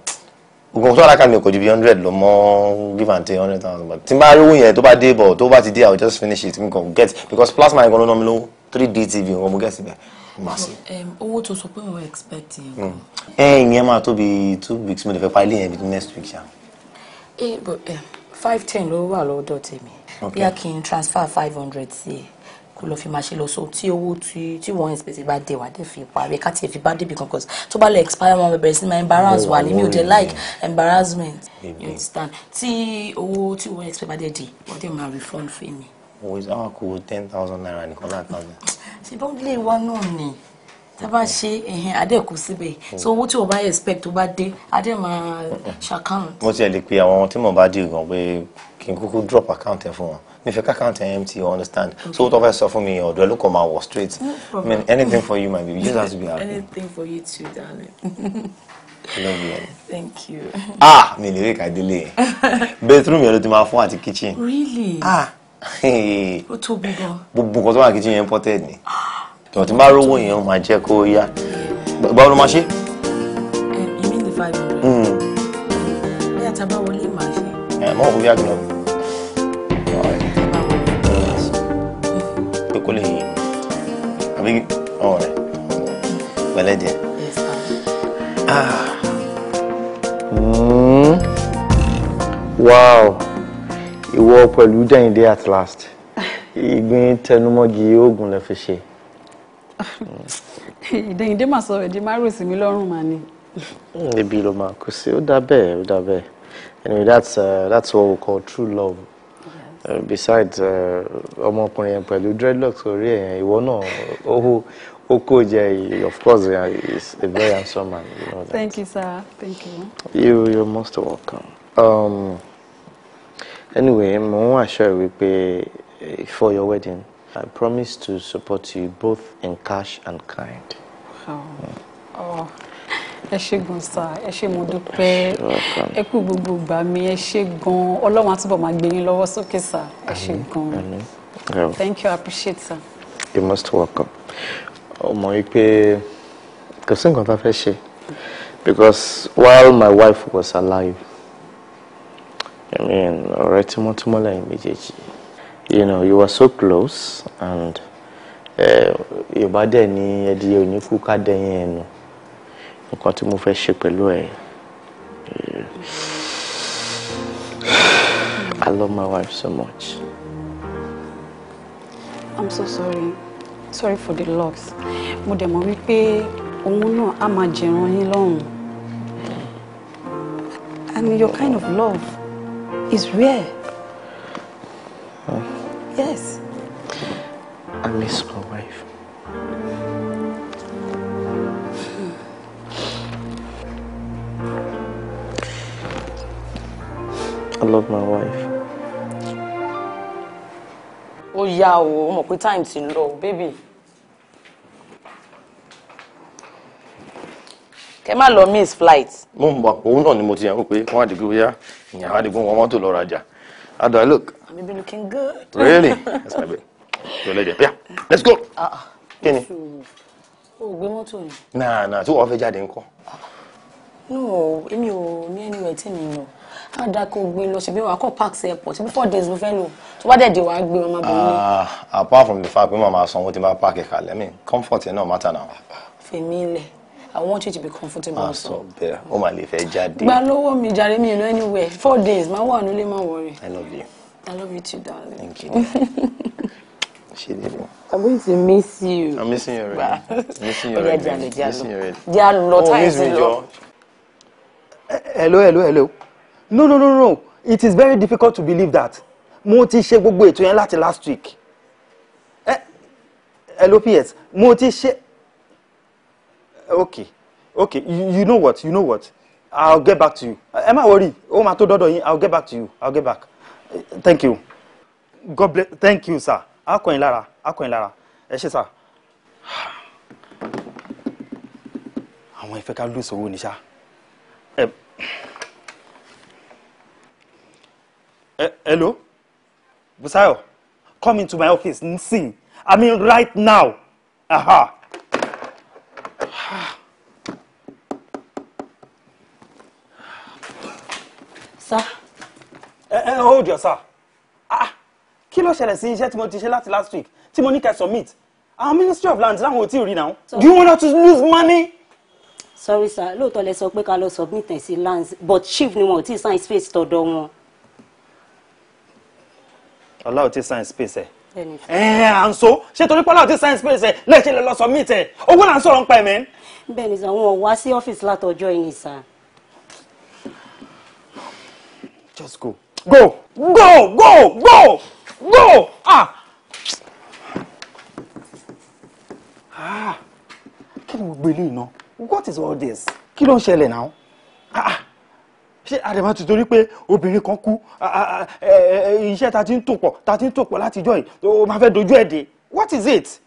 ogun tó alákàmì kò ju bí hundred lọ mọ give and take hundred thousand but tí n bá rí owó yẹn tó i will just finish it n kò get because plasma yẹn kan ló ná three d tv n kò mo get síbẹ̀ massive. Um, owó tó sọ pé we were expecting. Hmm. ẹ ìyẹn máa tó bí two weeks mo lè fẹ́ parí yẹn bí next week ṣá. ẹ eh, bọ eh, five ten ló wà lọ́dọ̀ tèmi bí a kì í transfer five hundred sí ẹ kó lọ fi máa ṣe lọ so tí owó tí wọ́n expect bá dé wà dé fi parí ká tiẹ̀ fi bá débi kan cause tó bá lè expire wọn bẹ̀rẹ̀ sí máa embarrass wa ní mi ò dé like embarrassment you understand tí owó tí wọ́n expect bá dé di wọ́n dé máa refund fún mi. owó ìsáwọ̀ kù ten thousand naira nìkan láàtàwọn ṣe bọ́ńgìlì wa náà ni tá a bá ṣe ẹ̀hìn adé kù síbẹ̀ so owó tí o bá expect tó bá dé adé máa ṣàkáǹtì. mo tiẹ̀ lè pe àwọn tí mo bá dì gan pé kí n kúkú drop account ẹ̀ fún wọn mi fẹ́ kákàntì empty you understand So so tó fẹ́ sọ fún mi ọ̀dọ̀ ló kọ́ máa wọ̀ straight I mean anything for you my baby you just have to be happy. anything for you too darling. I love you. Thank you. Ah, mi lè rí ìkàdé lè. Bathroom yẹn ló ti máa fún àti kitchen. Really? Ah ó tóbi gan. gbogbo nǹkan tó wà kìtì yẹn imported ni ọ̀tí bá rówó yẹn máa jẹ́ kó yá báwo ló máa ṣe. èmi eh, ní five hundred. Hmm. bí àtàbá wọlé máa ṣe. ẹ mọ òkú bí àgbẹ̀ náà. pé kó lè yí àbí ọ̀rẹ́ pẹ̀lẹ́ díẹ̀. Ah. Hmm. wow ìwọ pẹ̀lú Jẹ́yìndé at last ìgbín tẹnumọ́gi oògùn lẹ fi ṣe. Jẹ́yìndé mà sọ rẹ̀ di márùsì mi lọ́rùn mà ni. ibi hmm, ló máa kù sí ó dá bẹ́ẹ̀ ó dá bẹ́ẹ̀ anyway that's uh, that's what we call true love yes. uh, besides uh, ọmọkùnrin yẹn pẹ̀lú dreadlocks orí ẹ̀yẹn ìwọ náà ó Okoje, of course, is a very handsome man. You know Thank you, sir. Thank you. You, you're most welcome. Um, Anyway, mo ń assure wípé eh, for your wedding, I promise to support you both in cash and kind. Wow. Mm. Oh. ẹ ṣé gan sa ẹ ṣé mo dúpẹ́ ẹ kú gbogbo ìgbà mi ẹ ṣé gan Ọlọ́run àtúbọ̀ máa gbé yín lọ́wọ́ sókè sa ẹ ṣé gan thank you I appreciate sa. you must welcome ọmọ yìí pé kò sí nǹkan tá a fẹ́ ṣe because while my wife was alive I mean, ọ̀rẹ́ tímọ́tímọ́ lẹ́yìn méjèèjì. You know, you were so close and Yorùbá eh, dẹ̀ ní ẹdí oníkú ká dẹ́yìn ẹnu. Nǹkan tí mo fẹ́ ṣe pẹ̀lú ẹ̀. I love my wife so much. I'm so sorry. Sorry for the loss. Mo dẹ̀ mọ̀ wípé òun náà á máa jẹ̀ràn yín And your kind of love is rare. Huh? Yes. I miss my wife. I love my wife. Oh yeah, o, mọ̀ pé time ti lọ, baby. kẹ má lọ miss flight. mo mọ òun náà ni mo ti yàn wò pé wọn àdìgún bóyá ìyàn àdìgún wọn mọ́tò lọ rajà how do I look. you been looking good. really that's my babe yóò lẹ́jẹ̀ yeah let's go. Ah, ah. kí ni. o gbé mọ́tò yẹn. náà náà tí wọ́n fẹ́ jáde ńkọ́. no èmi ò ní anywhere tí mi lọ á dá kó gbé lọ ṣèbí wàá kọ́ parks airport ṣèbí four days mo fẹ́ lọ tó bá dẹ̀ dé wàá gbé mama bọ̀ ní. Ah, apart from the fact pé màmá sanwó tí n bá pààkì kalẹ̀ mi comfort yẹn náà matter now. fèmí lẹ̀. I want you to be comfortable. Má sọ bẹ́ẹ̀, ó máa lè fẹ́ jáde. Gba lọ́wọ́ me, jàre mi ìlú anywhere four days my one nílé my worry. I love you. I love you too darling. Thank you. Ṣé lè lọ? I'm going to miss you. I'm missing you already. missing you already. Missing you already. Jalo, oh, miss me, Joe. Hello, hello, hello. No, no, no, no. It is very difficult to believe that. Mo ti she gbogbo ètò yẹn láti last week. Eh, hello, PS. Mo ti she okay okay you, you know what you know what i'll get back to you ẹ má worry ó máa tó dọ́dọ̀ yín i'll get back to you i'll get back thank you god bless thank you sir akọyin lára akọyin lára ẹ ṣé sir àwọn ìfẹ́ ká lóṣù owó ní sá ẹ hello Busayo come into my office nsìn i mean right now aha. Uh -huh sá. ẹ ẹ hold your sá ah, ah kí ló ṣẹlẹ̀ sí iṣẹ́ tí mo ti ṣe láti last week tí mo ní kẹ́ submit our ministry of lands láwọn ò tí ì rí now do you want us to lose money. sorry sir lóòótọ́ lẹ sọ pé ká lọ submit ẹ̀ sí lands but chief ni wọn ò tí ì sign space tọ̀dọ̀ wọn. ọlá ò tí ì sign space ẹ̀. Eh ẹ à ń so ṣé torí pọ́lá àti science space ẹ lẹ́ẹ̀ṣẹ̀ lè lọ sọ mí tẹ owó là ń sọ̀rọ̀ ń pa ẹ̀mẹ́. bẹ́ẹ̀ ni sà wọn ò wá sí ọ́fíìsì látọjọ́ yìí ni sà. just go go go go go go ah. ah kí ni mo gbé lè ná what is all this kí ló ń ṣẹlẹ̀ náà ah ṣé àdèmà ti torí pé obìnrin kan kú iṣẹ́ ta ti ń tòpọ̀ ta ti ń tòpọ̀ látijọ́ yìí o máa fẹ́ dojú ẹ̀ dé what is it?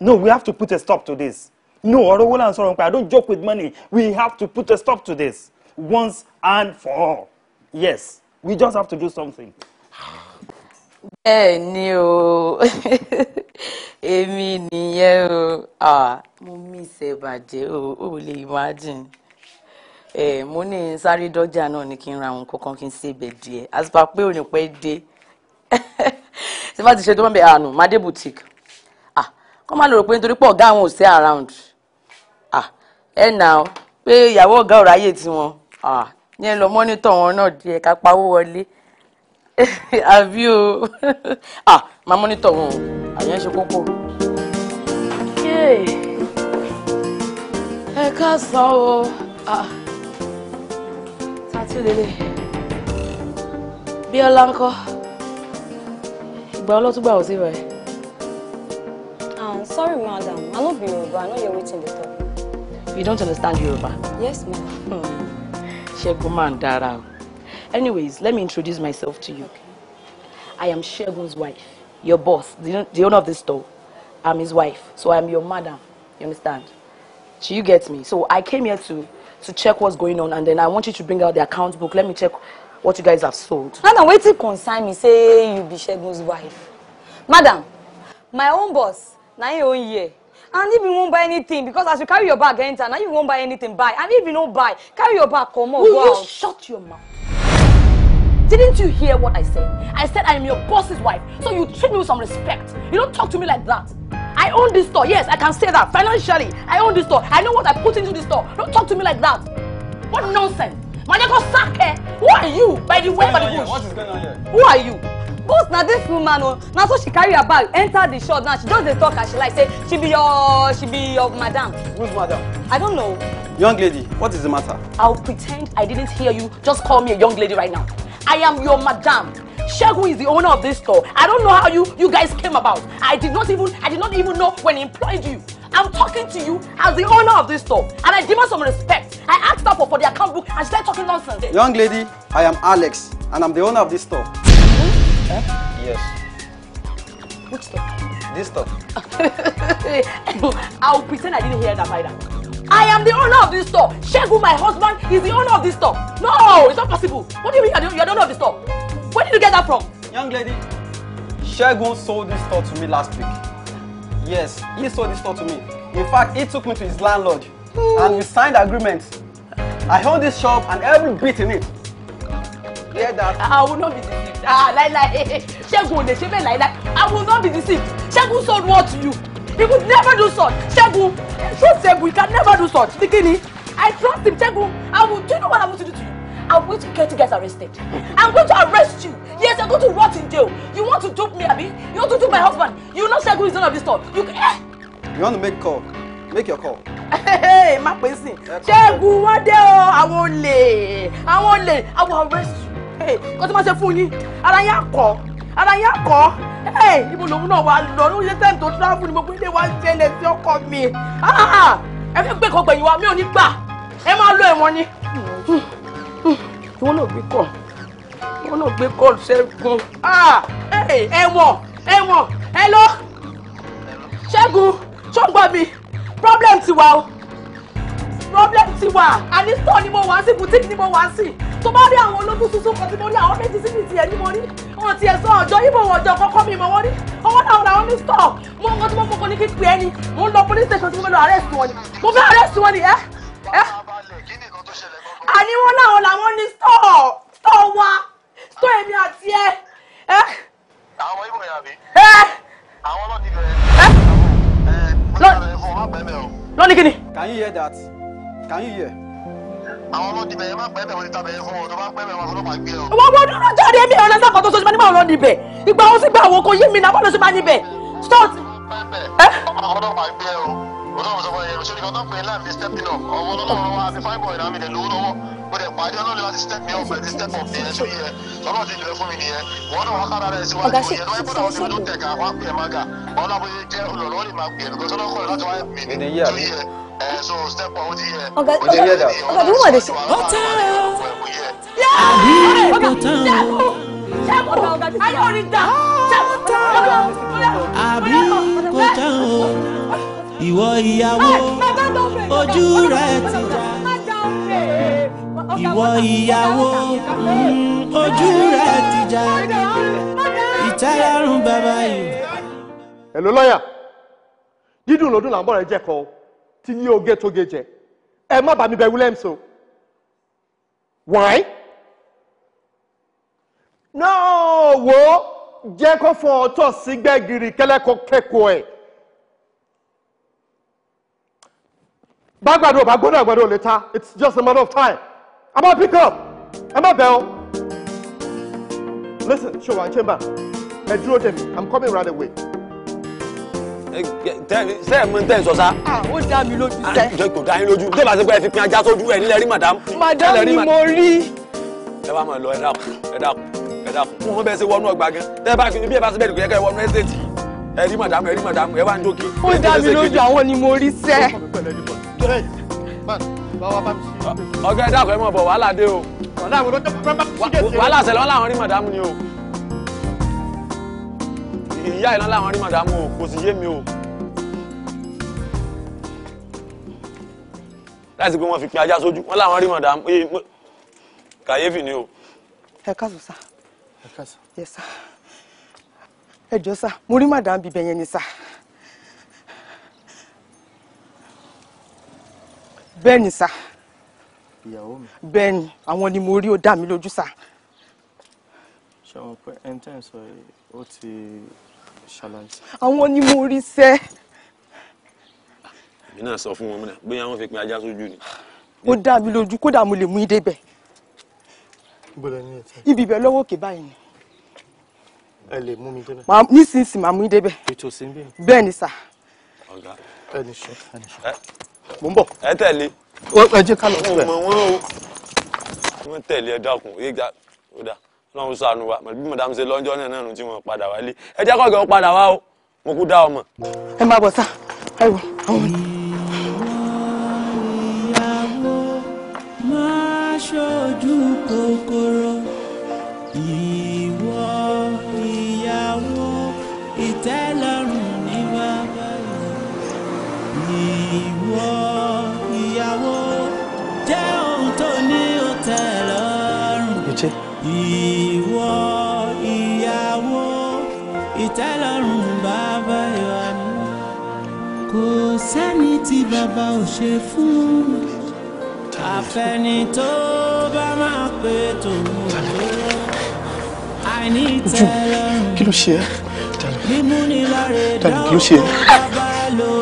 no we have to put a stop to this no ọ̀rọ̀ owó là pé i don't joke with money we have to put a stop to this once and for all yes we just have to do something. bẹ́ẹ̀ ni o èmi nìyẹn o ah, mo mí ìṣẹ̀bàjẹ́ o ò lè imagine ẹ mo ní sáré dọ́jà náà ni kí n ra àwọn kankan kí n ṣe ibẹ̀ díẹ̀ àsìpà pé òní pẹ́ dé ṣé bá ti ṣe tó máa bẹ àánú má boutique ah kọ́ máa lò rò pé nítorí pé ọ̀gá àwọn ò sí around ah ẹ nà ó pé ìyàwó ọ̀gá ò ráyè tiwọn ah yẹn lọ mọ́nítọ̀ wọn náà díẹ̀ ká pawó wọlé àbí o ah máa mọ́nítọ̀ wọn o àyẹn ṣe kókó. ẹ ká sọ o. Ah tí lélẹ̀ Bíọ́lá ńkọ́ ìgbà ọlọ́tún gbà ó sí rẹ̀. I'm ah, sorry, madam. I no be Yoruba. I no hear wetin dey talk. You don't understand Yoruba? Yes, ma'am. Shegun hmm. máa ń Anyways, let me introduce myself to you. Okay. I am Shegun's wife, your boss, the, the owner of this store. I'm his wife, so I'm your madam. You understand? Do you get me? So I came here to to check what's going on and then I want you to bring out the account book. Let me check what you guys have sold. Madam, wait till consign me say you be Segun's wife. Madam, my own boss, Now you own year. And if you won't buy anything, because as you carry your bag enter, now you won't buy anything, buy. And if you don't buy, carry your bag, come on, Will go you out. shut your mouth? Didn't you hear what I said? I said I am your boss's wife, so you treat me with some respect. You don't talk to me like that. I own this store. Yes, I can say that financially. I own this store. I know what I put into this store. Don't talk to me like that. What nonsense? Madeko Sake, who are you? By the way, by the bush. What is going on here? Who are you? boss na this woman o na so she carry her bag enter the shop now she just dey talk as she like say she be your she be your madam. who's madam. i don't know. young lady what is the matter. i'll pretend i didn't hear you just call me a young lady right now i am your madam. Segun is the owner of this store. I don't know how you you guys came about. I did not even I did not even know when he employed you. I'm talking to you as the owner of this store, and I demand some respect. I asked her for, for the account book, and she started talking nonsense. Young lady, I am Alex, and I'm the owner of this store. Yes. Which stuff? This stuff. I'll pretend I didn't hear that either. I am the owner of this store. Shegun, my husband, is the owner of this store. No, it's not possible. What do you mean you're the owner of the store? Where did you get that from? Young lady, Shegun sold this store to me last week. Yes, he sold this store to me. In fact, he took me to his landlord. Ooh. And we signed agreement. I own this shop and every bit in it. Hear that? I will not be deceived. Ah, lie, lie. ò lè ṣe lie. láíláí. I will not be deceived. Ṣẹ́gun sold what to you? He would never do such. Ṣẹ́gun, show Ṣẹ́gun he can never do such. Bikini, I trust him. Ṣẹ́gun, I will do you know what I'm going to do to you? I'm going to get you guys arrested. I'm going to arrest you. Yes, I'm going to rot in jail. You want to dupe me, Abi? You want to dupe my husband? You know Segun is none of this talk. You Eh? You want to make call? Make your call. Hey, my má pèsè. Ṣẹ́gun wọ́n I won't àwọn I won't olè, I will arrest you kó tó máa ṣe fún yín ara yín àkọ́ ara yín àkọ́ ibo lòun náà wà lọ ní ilé tẹ́ǹtì tó tíráfù ni mo gbé ilé wa ṣẹlẹ̀ sí ọkọ mi ah, ẹ fẹ́ gbé kan gbẹ̀yìn wa mi ò ní gbà ẹ máa lọ ẹ̀wọ̀n ni. ìwọ náà gbé kọ ìwọ náà gbé kọ ṣẹ́gun ah, ẹ̀wọ̀n ẹ̀wọ̀n ẹ lọ ṣẹ́gun ṣọ́gbọ́n mi problem ti wà o problem ti wà àní store ni mo wá sí boutique ni mo wá sí tó bá rí àwọn ológun tuntun kan tí mo rí àwọn méjì sí mi tiẹ̀ ni mo rí wọn tiẹ̀ sọ ọjọ́ ibo ọjọ́ kọ́kọ́ mi mọ̀ rí ọwọ́ náà ra ní store mo ń gbọ́ tí mo kọ́kọ́ ní kíkú ẹni mo ń lọ police station tí mo lọ arrest wọn ni mo fẹ́ arrest wọn ni ẹ ẹ. àní wọn làwọn ní store store wa store èmi àti ẹ ẹ. àwọn ibo yà mí. àwọn ọlọ́ọ̀ni bẹ̀rẹ̀ lọ́ni kí ni. can you hear that. Can you hear? àwọn ọlọ́dì bẹ̀yẹ má pẹ́ bẹ̀ wọ́n ti ta bẹ̀yẹ fún wọn tó bá pẹ́ bẹ̀ wọ́n fọlọ́pàá gbé ọ. wọ́n dúró jáde mi ọ̀rẹ́ sàkóso ṣe máa ní báwọn lọ níbẹ̀ ìgbà wọn sì gbà wọ́n kò yé mi náà bọ́ọ̀lù ṣe máa níbẹ̀. stop. ọlọ́pàá gbé ọ ọlọ́run sọ fún ẹ̀yẹ sórí ọtọ́ pé láàmì stepping up ọmọ ọlọ́run wa àti fine boy náà mi lè lówó lọ́wọ́ mo lè pàdé ọlọ́run láti step me up àti step up nìyẹn sórí yẹn ọlọ́run ti lè fún mi nìyẹn wọn náà wọn kára rẹ síwájú yẹn lọ́wọ́ ìbúdà wọn ti ló tẹ̀ka wọn pè é mága wọn náà bóyá jẹ́ olùrànlọ́wọ́ lè máa pè é lọ́wọ́ sọ́dọ̀ kọ́ láti wáyé mi ní sórí yẹn so step up ó ti yẹ ó ti yẹ dà ọ̀gá bí wọ́n dẹ̀ ṣe. ọ̀tá ìwọ ìyàwó ojú rẹ ti já ìwọ ìyàwó mm, ojú rẹ ti já ìtẹ́lọ́rùn bàbá yìí. lọ́yà dídùn lòdùn làǹbọ̀ rẹ̀ jẹ́ kọ́ tí yí oge tó jẹ ẹ má bẹ Williams o náà wò ó jẹ́ kó fún bágbàdo ò bá Later, it's just a matter of time a máa pick up I'm má bẹ̀ listen show àchẹ́mbà ẹ dúró dè mí i'm coming right away. ṣé ẹ mú ní tẹ́sán sá. ó dá mi lójú sẹ́. kò dá yín lójú tó bá ṣe pé ẹ fi pin ajá sójú ẹ nílẹ̀ rí madam. madam ni mo rí. ẹ bá máa lọ ẹ dákun ẹ dákun ẹ dákun fún wọn bẹ ṣe wọnú ọgbà gan tẹ bá fi bí ẹ bá ṣe bẹ́ẹ̀ dùkú yẹ kẹ wọnú ẹ ṣètì ẹ rí madam ẹ rí madam ẹ wá ń jókè. ó dá mi lójú àwọn ni mo rí sẹ́ ọ̀gá ẹ dákun ẹ mọ̀ bọ̀ wàhálà dé o wàhálà ṣẹlẹ̀ wọn làwọn rí màdámù ni o ìyá ìlànà làwọn rí màdámù o kò sì yé mi o. láti pé wọ́n fi pin ajá sójú wọ́n làwọn rí màdámù eh, kàyéfì ni o. ẹ káàsán sá ẹ káàsán ẹ jọ sá mo rí màdámù bíbẹ yẹn ni sá. bẹ́ẹ̀ ni sà ìyàwó mi bẹ́ẹ̀ ni àwọn ni mo rí ó dá mi lójú sà. ṣé àwọn pé ẹni tẹ́ ẹ̀ sọ yìí ó ti ṣàlàyé. àwọn ni mo rí sẹ́. èmi náà sọ fún wọn mìíràn bóyá wọn fi pin ajá sójú ni. ó dá mi lójú kódà mo lè mú ìdè bẹ̀. gbọ́dọ̀ ní ẹ̀tẹ́. ibi ibẹ̀ lọ́wọ́ òkè báyìí ni. ẹ lè mú mi débẹ̀. màá nísinsìnyí màá mú ìdè bẹ̀. ètò sí bẹ́ẹ̀ ni sà. ọ̀gá ẹni sọ ẹni sọ mo ń bọ̀. ẹ tẹ̀lé. ẹ jẹ́ ká lọ síbẹ̀. mo mọ wọn o wọn tẹ̀lé ẹ dákun ìgbà ó dà lọ́run sànù wa bí madam ṣe lọ́jọ́ náà náà tí wọ́n padà wálé ẹ jẹ́ kọ́kẹ́ ó padà wá o mo kú dá ọmọ. ẹ máa bọ̀ sá ẹ wò àwọn mi. ìyàwó máa ṣojú kòkó. ìwọ ìyàwó jẹ́ ohun tó ní ó lọ́rùn. ìwọ ìyàwó ìtẹ́lọ́rùn bàbá ìwàní. kò sẹ́ni tí bàbá ò ṣe fún àfẹni tó bá máa pè tòun lọ́wọ́ àìní ìtẹ́lọ́rùn. kí ló ṣe é? mímú ni bàbá lò.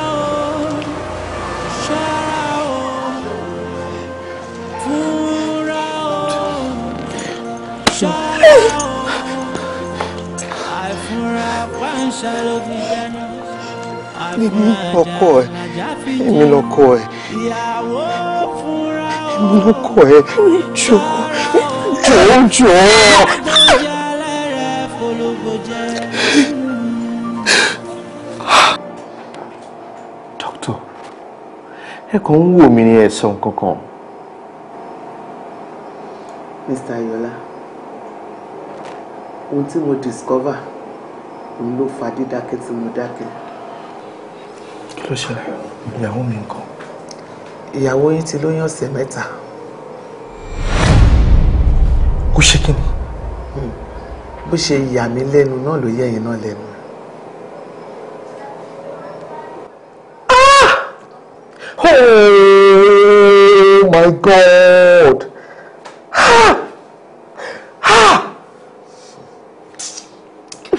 èmi lọkọ ẹ èmi lọkọ ẹ èmi lọkọ ẹ jọ jọ jọ. dókítà ẹ kàn ń wò mí ní ẹ̀sán kankan. Mr. Ayọ̀lá ohun tí mo discover òun ló fa dídákẹ́ tí mo dákẹ́. kí ló ṣẹlẹ̀ ìyàwó mi nǹkan. ìyàwó yín ti lóyún ọ̀sẹ̀ mẹ́ta. kò ṣe kí ni. Hmm. bó ṣe yà mí lẹ́nu náà ló yẹ yín náà lẹ́nu. Ah! Oh my God!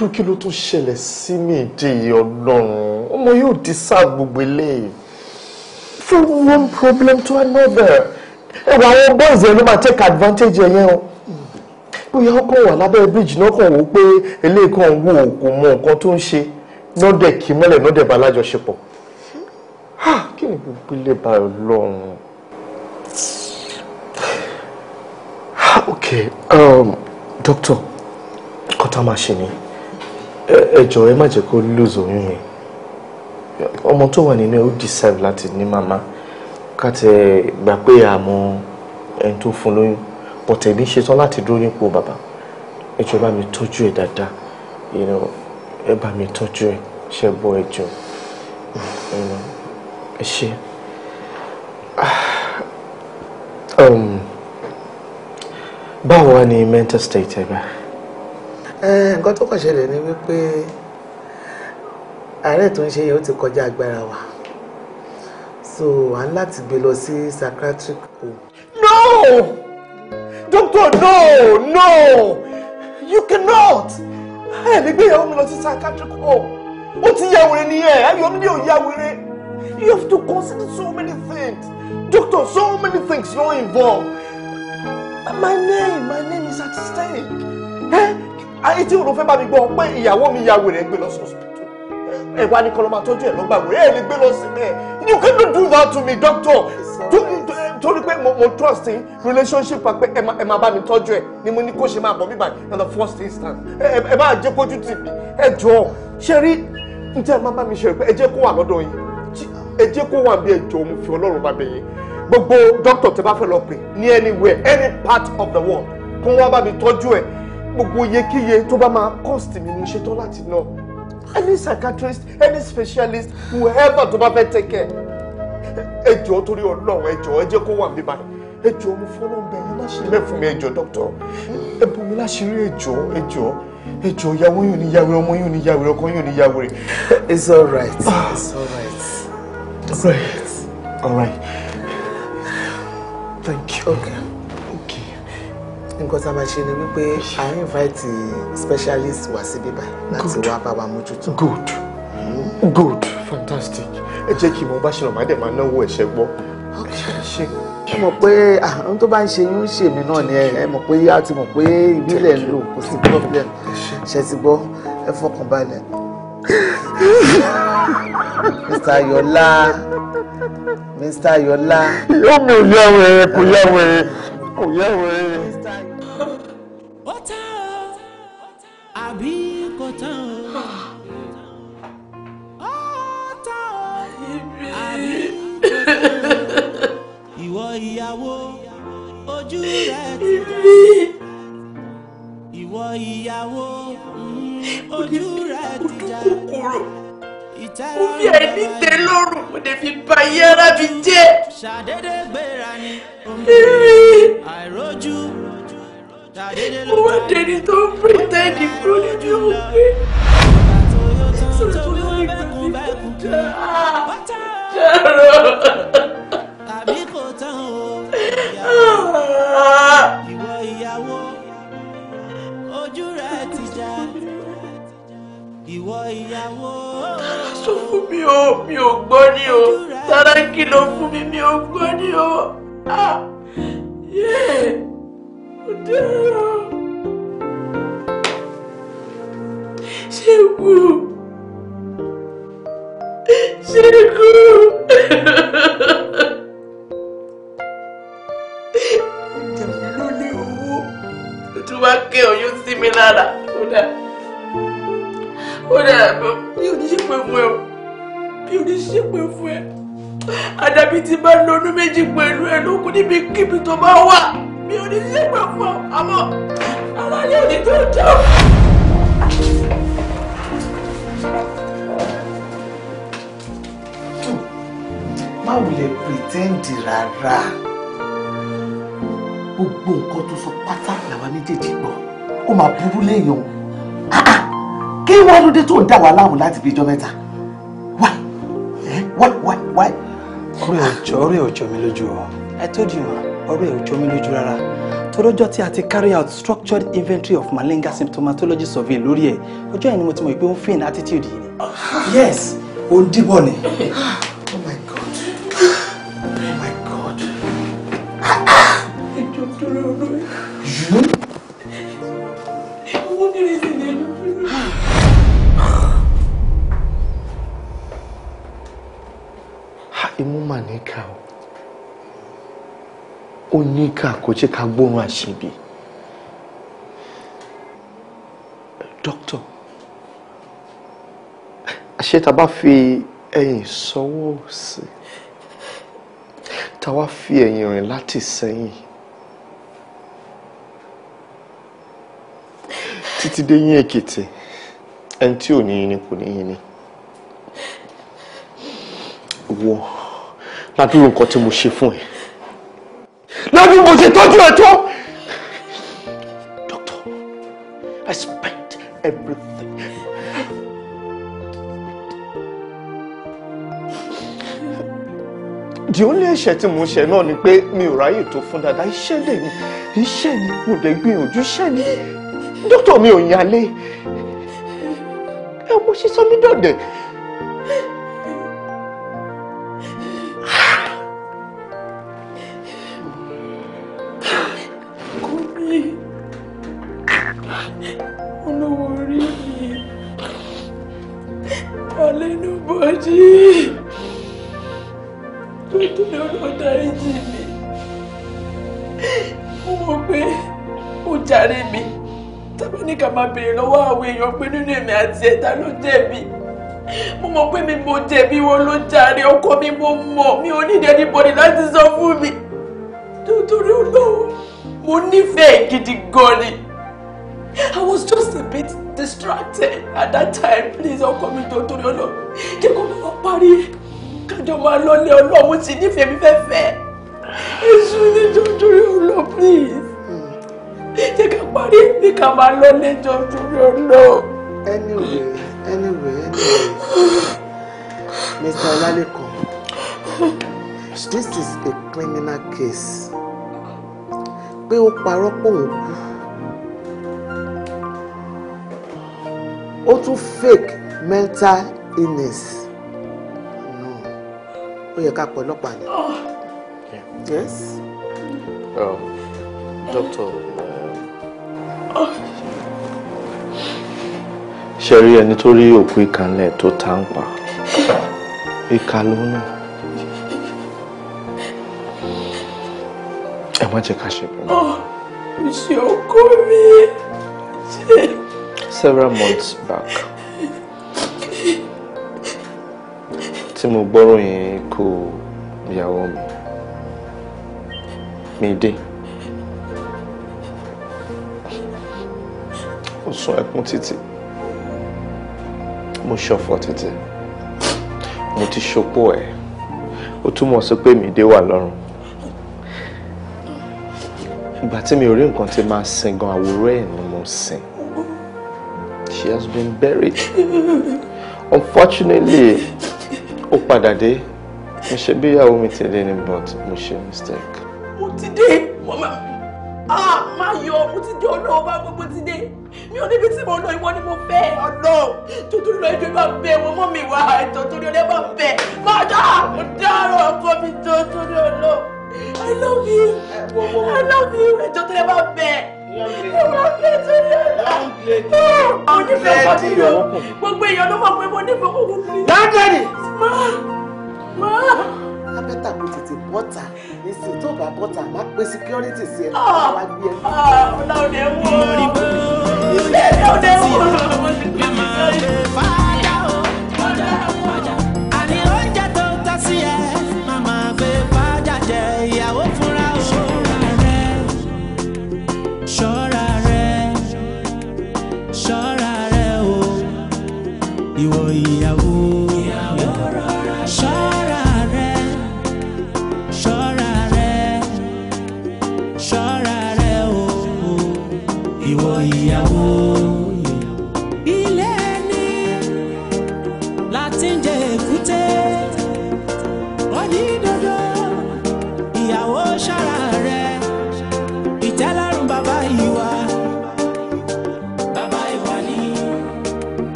irú kí ló tún ṣẹlẹ̀ sí mi ìdí ọlọ́run ọmọ yóò di sáà gbogbo eléyìí from one problem to another ẹwà àwọn boys yẹn ló máa take advantage yẹn o bóyá ọkọ̀ wà lábẹ́ bridge náà kàn wò pé eléyìí kan wò kò mọ nǹkan tó ń ṣe nọ́dẹ̀ kì í mọ́lẹ̀ nọ́dẹ̀ bá lájọṣepọ̀ kí ni gbogbo ilé bá ọlọ́run ok um, doctor kọ́tà máa ṣe ni ẹ jọ̀ọ́ ẹ má jẹ́ kó lose oyún yẹn ọmọ tó wà nínú ẹ ó deserve láti ní màmá kàtẹ gbà pé àmọ́ ẹni tó fún lóyún bọ̀tẹ̀ mi ṣetán láti dúró nípò bàbá ẹ jọ̀ọ́ bá mi tọ́jú ẹ dáadáa ẹ bá mi tọ́jú ẹ ṣe bọ́ ẹ jọ̀ọ́ ẹ ṣe. Ah, um, báwo wá ni mental state ẹ báyìí nǹkan tó kàn ṣẹlẹ̀ ni wípé àárẹ̀ tó ń ṣe yẹn ó ti kọjá agbára wa so à ń láti gbé lọ sí psychiatric home. no doctor no no you cannot ẹ lè gbé ìyàwó mi lọ sí psychiatric home ó ti ya wèrè nìyẹn ayọ̀mídé ò ya wèrè you have to consider so many things doctor so many things no involve my name my name is at stake. Eh? ayé tí òun fẹ́ bá mi gbọ́ pé ìyàwó mi ya wèrè gbé lọ sọ́sìpítù ẹ wá ní kọlọ́mà tọ́jú ẹ̀ lọ́gbà wèrè ẹ̀ lè gbé lọ sí bẹ́ẹ̀ you cannot do that to me doctor torí pé mo trust in relationship pa pé ẹ máa bá mi tọ́jú ẹ̀ ni mo ní kó ṣe máa bọ̀ mí in the first instance ẹ bá jẹ́ kójú tì mí ẹ jọ ṣe rí n tẹ́ ẹ máa bá mi ṣe pé ẹ jẹ́ kó wà lọ́dọ̀ yín ẹ jẹ́ kó wà bí ẹ jọ mo fi ọlọ́run bá bẹ̀ yín gbogbo doctor tẹ́ bá fẹ́ lọ pè ní anywhere any part of the world kó wá bá mi tọ́jú ẹ̀ gbogbo iyekíye tó bá máa cost mi mo ṣetán láti ná any psychiatrist any specialist whoever tó bá fẹ́ take care ẹ jọ̀ọ́ torí Ọlọ́run ẹ jọ̀ọ́ ẹ jẹ́ kó wà mí báyìí ẹ jọ̀ọ́ mo fọlọ bẹ yín láṣìírí mẹfún mi ẹ jọ̀ọ́ dókítà ẹ bù mí láṣìírí ẹ jọ̀ọ́ ìyàwó yóò ní yàwó ọmọ yóò ní yàwó ọkọ yóò ní yàwó rẹ. it's alright it's alright Right. All right. thank you. Okay nǹkan tá a máa ṣe ni wípé à ń invite specialist wá sí bíbá láti wá bá wa mójútó. good hmm. good fantastic ẹ jẹ́ kí mo bá ṣe ọ̀mádẹ́ máa náwó ẹ̀ṣẹ̀ gbọ́. ṣe ẹ mọ̀ pé àwọn tó bá ń ṣe yín ń ṣe mí náà ni ẹ mọ̀ pé a ti mọ̀ pé ìbílẹ̀ ń lò kò sí problem ṣe ti gbọ́ ẹ fọkàn balẹ̀. Mr. Ayọ̀lá Mr. Ayọ̀lá. Yóò mi ò yá wẹ̀rẹ̀ kò yá wẹ̀rẹ̀ kò yá wẹ̀rẹ̀. ìyàwó ojú rẹ ti dá ìwọ ìyàwó ojú rẹ ti dá ó fi ẹni tẹ lọ́rùn mo lè fi ba iye ara mi jẹ́. ṣàdédé gbéra ni àìrójú ó wá dẹni tó ń pè tẹ́ẹ̀dì kúrò níbi òkè. sọ̀rọ̀ tó lọ́ọ́ ìgbà mi kò dáa ìwọ ìyàwó ojú rẹ ti já ìwọ ìyàwó. sọ fún mi o mi ò gbọ́ ni o Sàràkí ló fún mi mi ò gbọ́ ni o. Ṣẹ́gun ah. Ṣẹ́gun. wá ké oyún sí mi lára ó dà ó dà bí o ní ṣe pé fún ẹ o bí o ní ṣe pé fún ẹ àdàbí ti bá lọ́dún méjì pẹ̀lú ẹ ló kú níbi kíbi tó bá wà bí o ní ṣe pé fún ọ àmọ́ aláyé òní tó jọ. má wulẹ̀ pìtẹ́ǹdì rárá gbogbo nǹkan tó sọ pátá làwa méjèèjì gbọ́ ó máa burú léèyàn o kí wọ́n ló dé tó ń dà wá láàmú láti bí mẹ́ta why why why why. ọ̀rẹ́ ọjọ́ ọ̀rẹ́ ọjọ́ mi lójú ọ I told you ma ọ̀rẹ́ ọjọ́ mi lójú rárá torọ́jọ́ tí a ti carry out structured inventory of malinga symptomatology survey lórí ẹ̀ ọjọ́ yẹn ni mo ti mọ̀ pé ó ń fẹ́ ní attitude yìí. yes ó ń ni. níkà o ó níkà kò jẹ́ ká gbóhùn àṣìbí dókítà àṣẹ tá bá fi ẹ̀yìn sọ́wọ́ sí tá wá fi ẹ̀yìn rìn láti sẹ́yìn títí dé yín èkìtì ẹni tí ò ní yín ni kò ní yín ni wọ́n ládùúrò nǹkan tí mo ṣe fún ẹ ládùúrò mo ṣe tọ́jú ẹ tó. doctor i spent everything. the only ẹ̀ṣẹ̀ tí mo ṣe náà ni pé mi ò ráyè tó fún dada iṣẹ́ lè ní iṣẹ́ ni mo dẹ̀ gbìyànjú iṣẹ́ ni dókítà mi ò yan alẹ́ ẹ wo ṣe sọ mí dọ̀dẹ̀. èèyàn pé nínú èmi àti ẹ̀ta ló jẹ̀bi mo mọ̀ pé mi mo jẹ̀bi wọn ló jàre ọkọ mi mo mọ̀ mi ò ní ìdẹ́ni láti sọ fún mi nítorí olóhùn mo nífẹ̀ẹ́ gidi gan ni I was just a bit distracted at that time please ọkọ mi jọ torí ọlọ́run jẹ́ máa parí kájọ máa lọ lé ọlọ́run ti nífẹ̀ẹ́ mi fẹ́fẹ́ èṣù ní jọjọ́ yóò please ní ká máa lọ lẹ́jọ́ torí ọ̀nà. anyway anyway anyway Mr. Olalekan this is a criminal case pé ó parọ́ pòun kú ó tún fake mental illness no ó yẹ ká pọ̀ ọlọ́pàá ni oh. yes. Um, doctor ṣe rí ẹni tó rí òkú ìkànlẹ̀ tó ta ń pa ìka ló nà ẹ má jẹ́ ká ṣe bẹ̀rẹ̀. ṣe ọkọ mi. several months back tí mo gbọ́ròyìn ikú ìyàwó mi mi dé. kò sun ẹkún títì mo ṣọ̀fọ̀ títì mo ti ṣopó ẹ̀ ó túmọ̀ sí pé mi dé wà lọ́rùn ìgbà tí mi ò rí nǹkan tí máa sin gan àwòrán ẹ̀ ni mo sin she has been buried unfortunately ó padà dé mo ṣe bí ìyàwó mi tẹ̀lé ni but mo ṣe mistake. mo ti dé mama ah máa yọ mo ti dé ọ̀nà ọba gbogbo ò níbi tí mo lọ ìwọ ni mo fẹ́ ọ̀nà tuntun lọ ẹjọ́ bá bẹ wọn mọ́ mi wá ẹ̀tọ́ torí ọ̀lẹ́ bá bẹ má dá mo dárò ọkọ mi tó torí ọ̀nà I love you I love you ẹjọ́ torí ẹ bá bẹ ẹ bá bẹ torí ọ̀nà mo nífẹ̀ẹ́ ọkọ mi o gbogbo èèyàn ló mọ̀ pé mo nífẹ̀ẹ́ ọkọ mi. dáńdẹ́rì. má má. abẹ́tà kò tètè bọ́tà nísìnyí tó bá bọ́tà má pé security sí ẹ wá ah, gbé ẹ. ọ̀la ò lè wọ́. Ọdẹ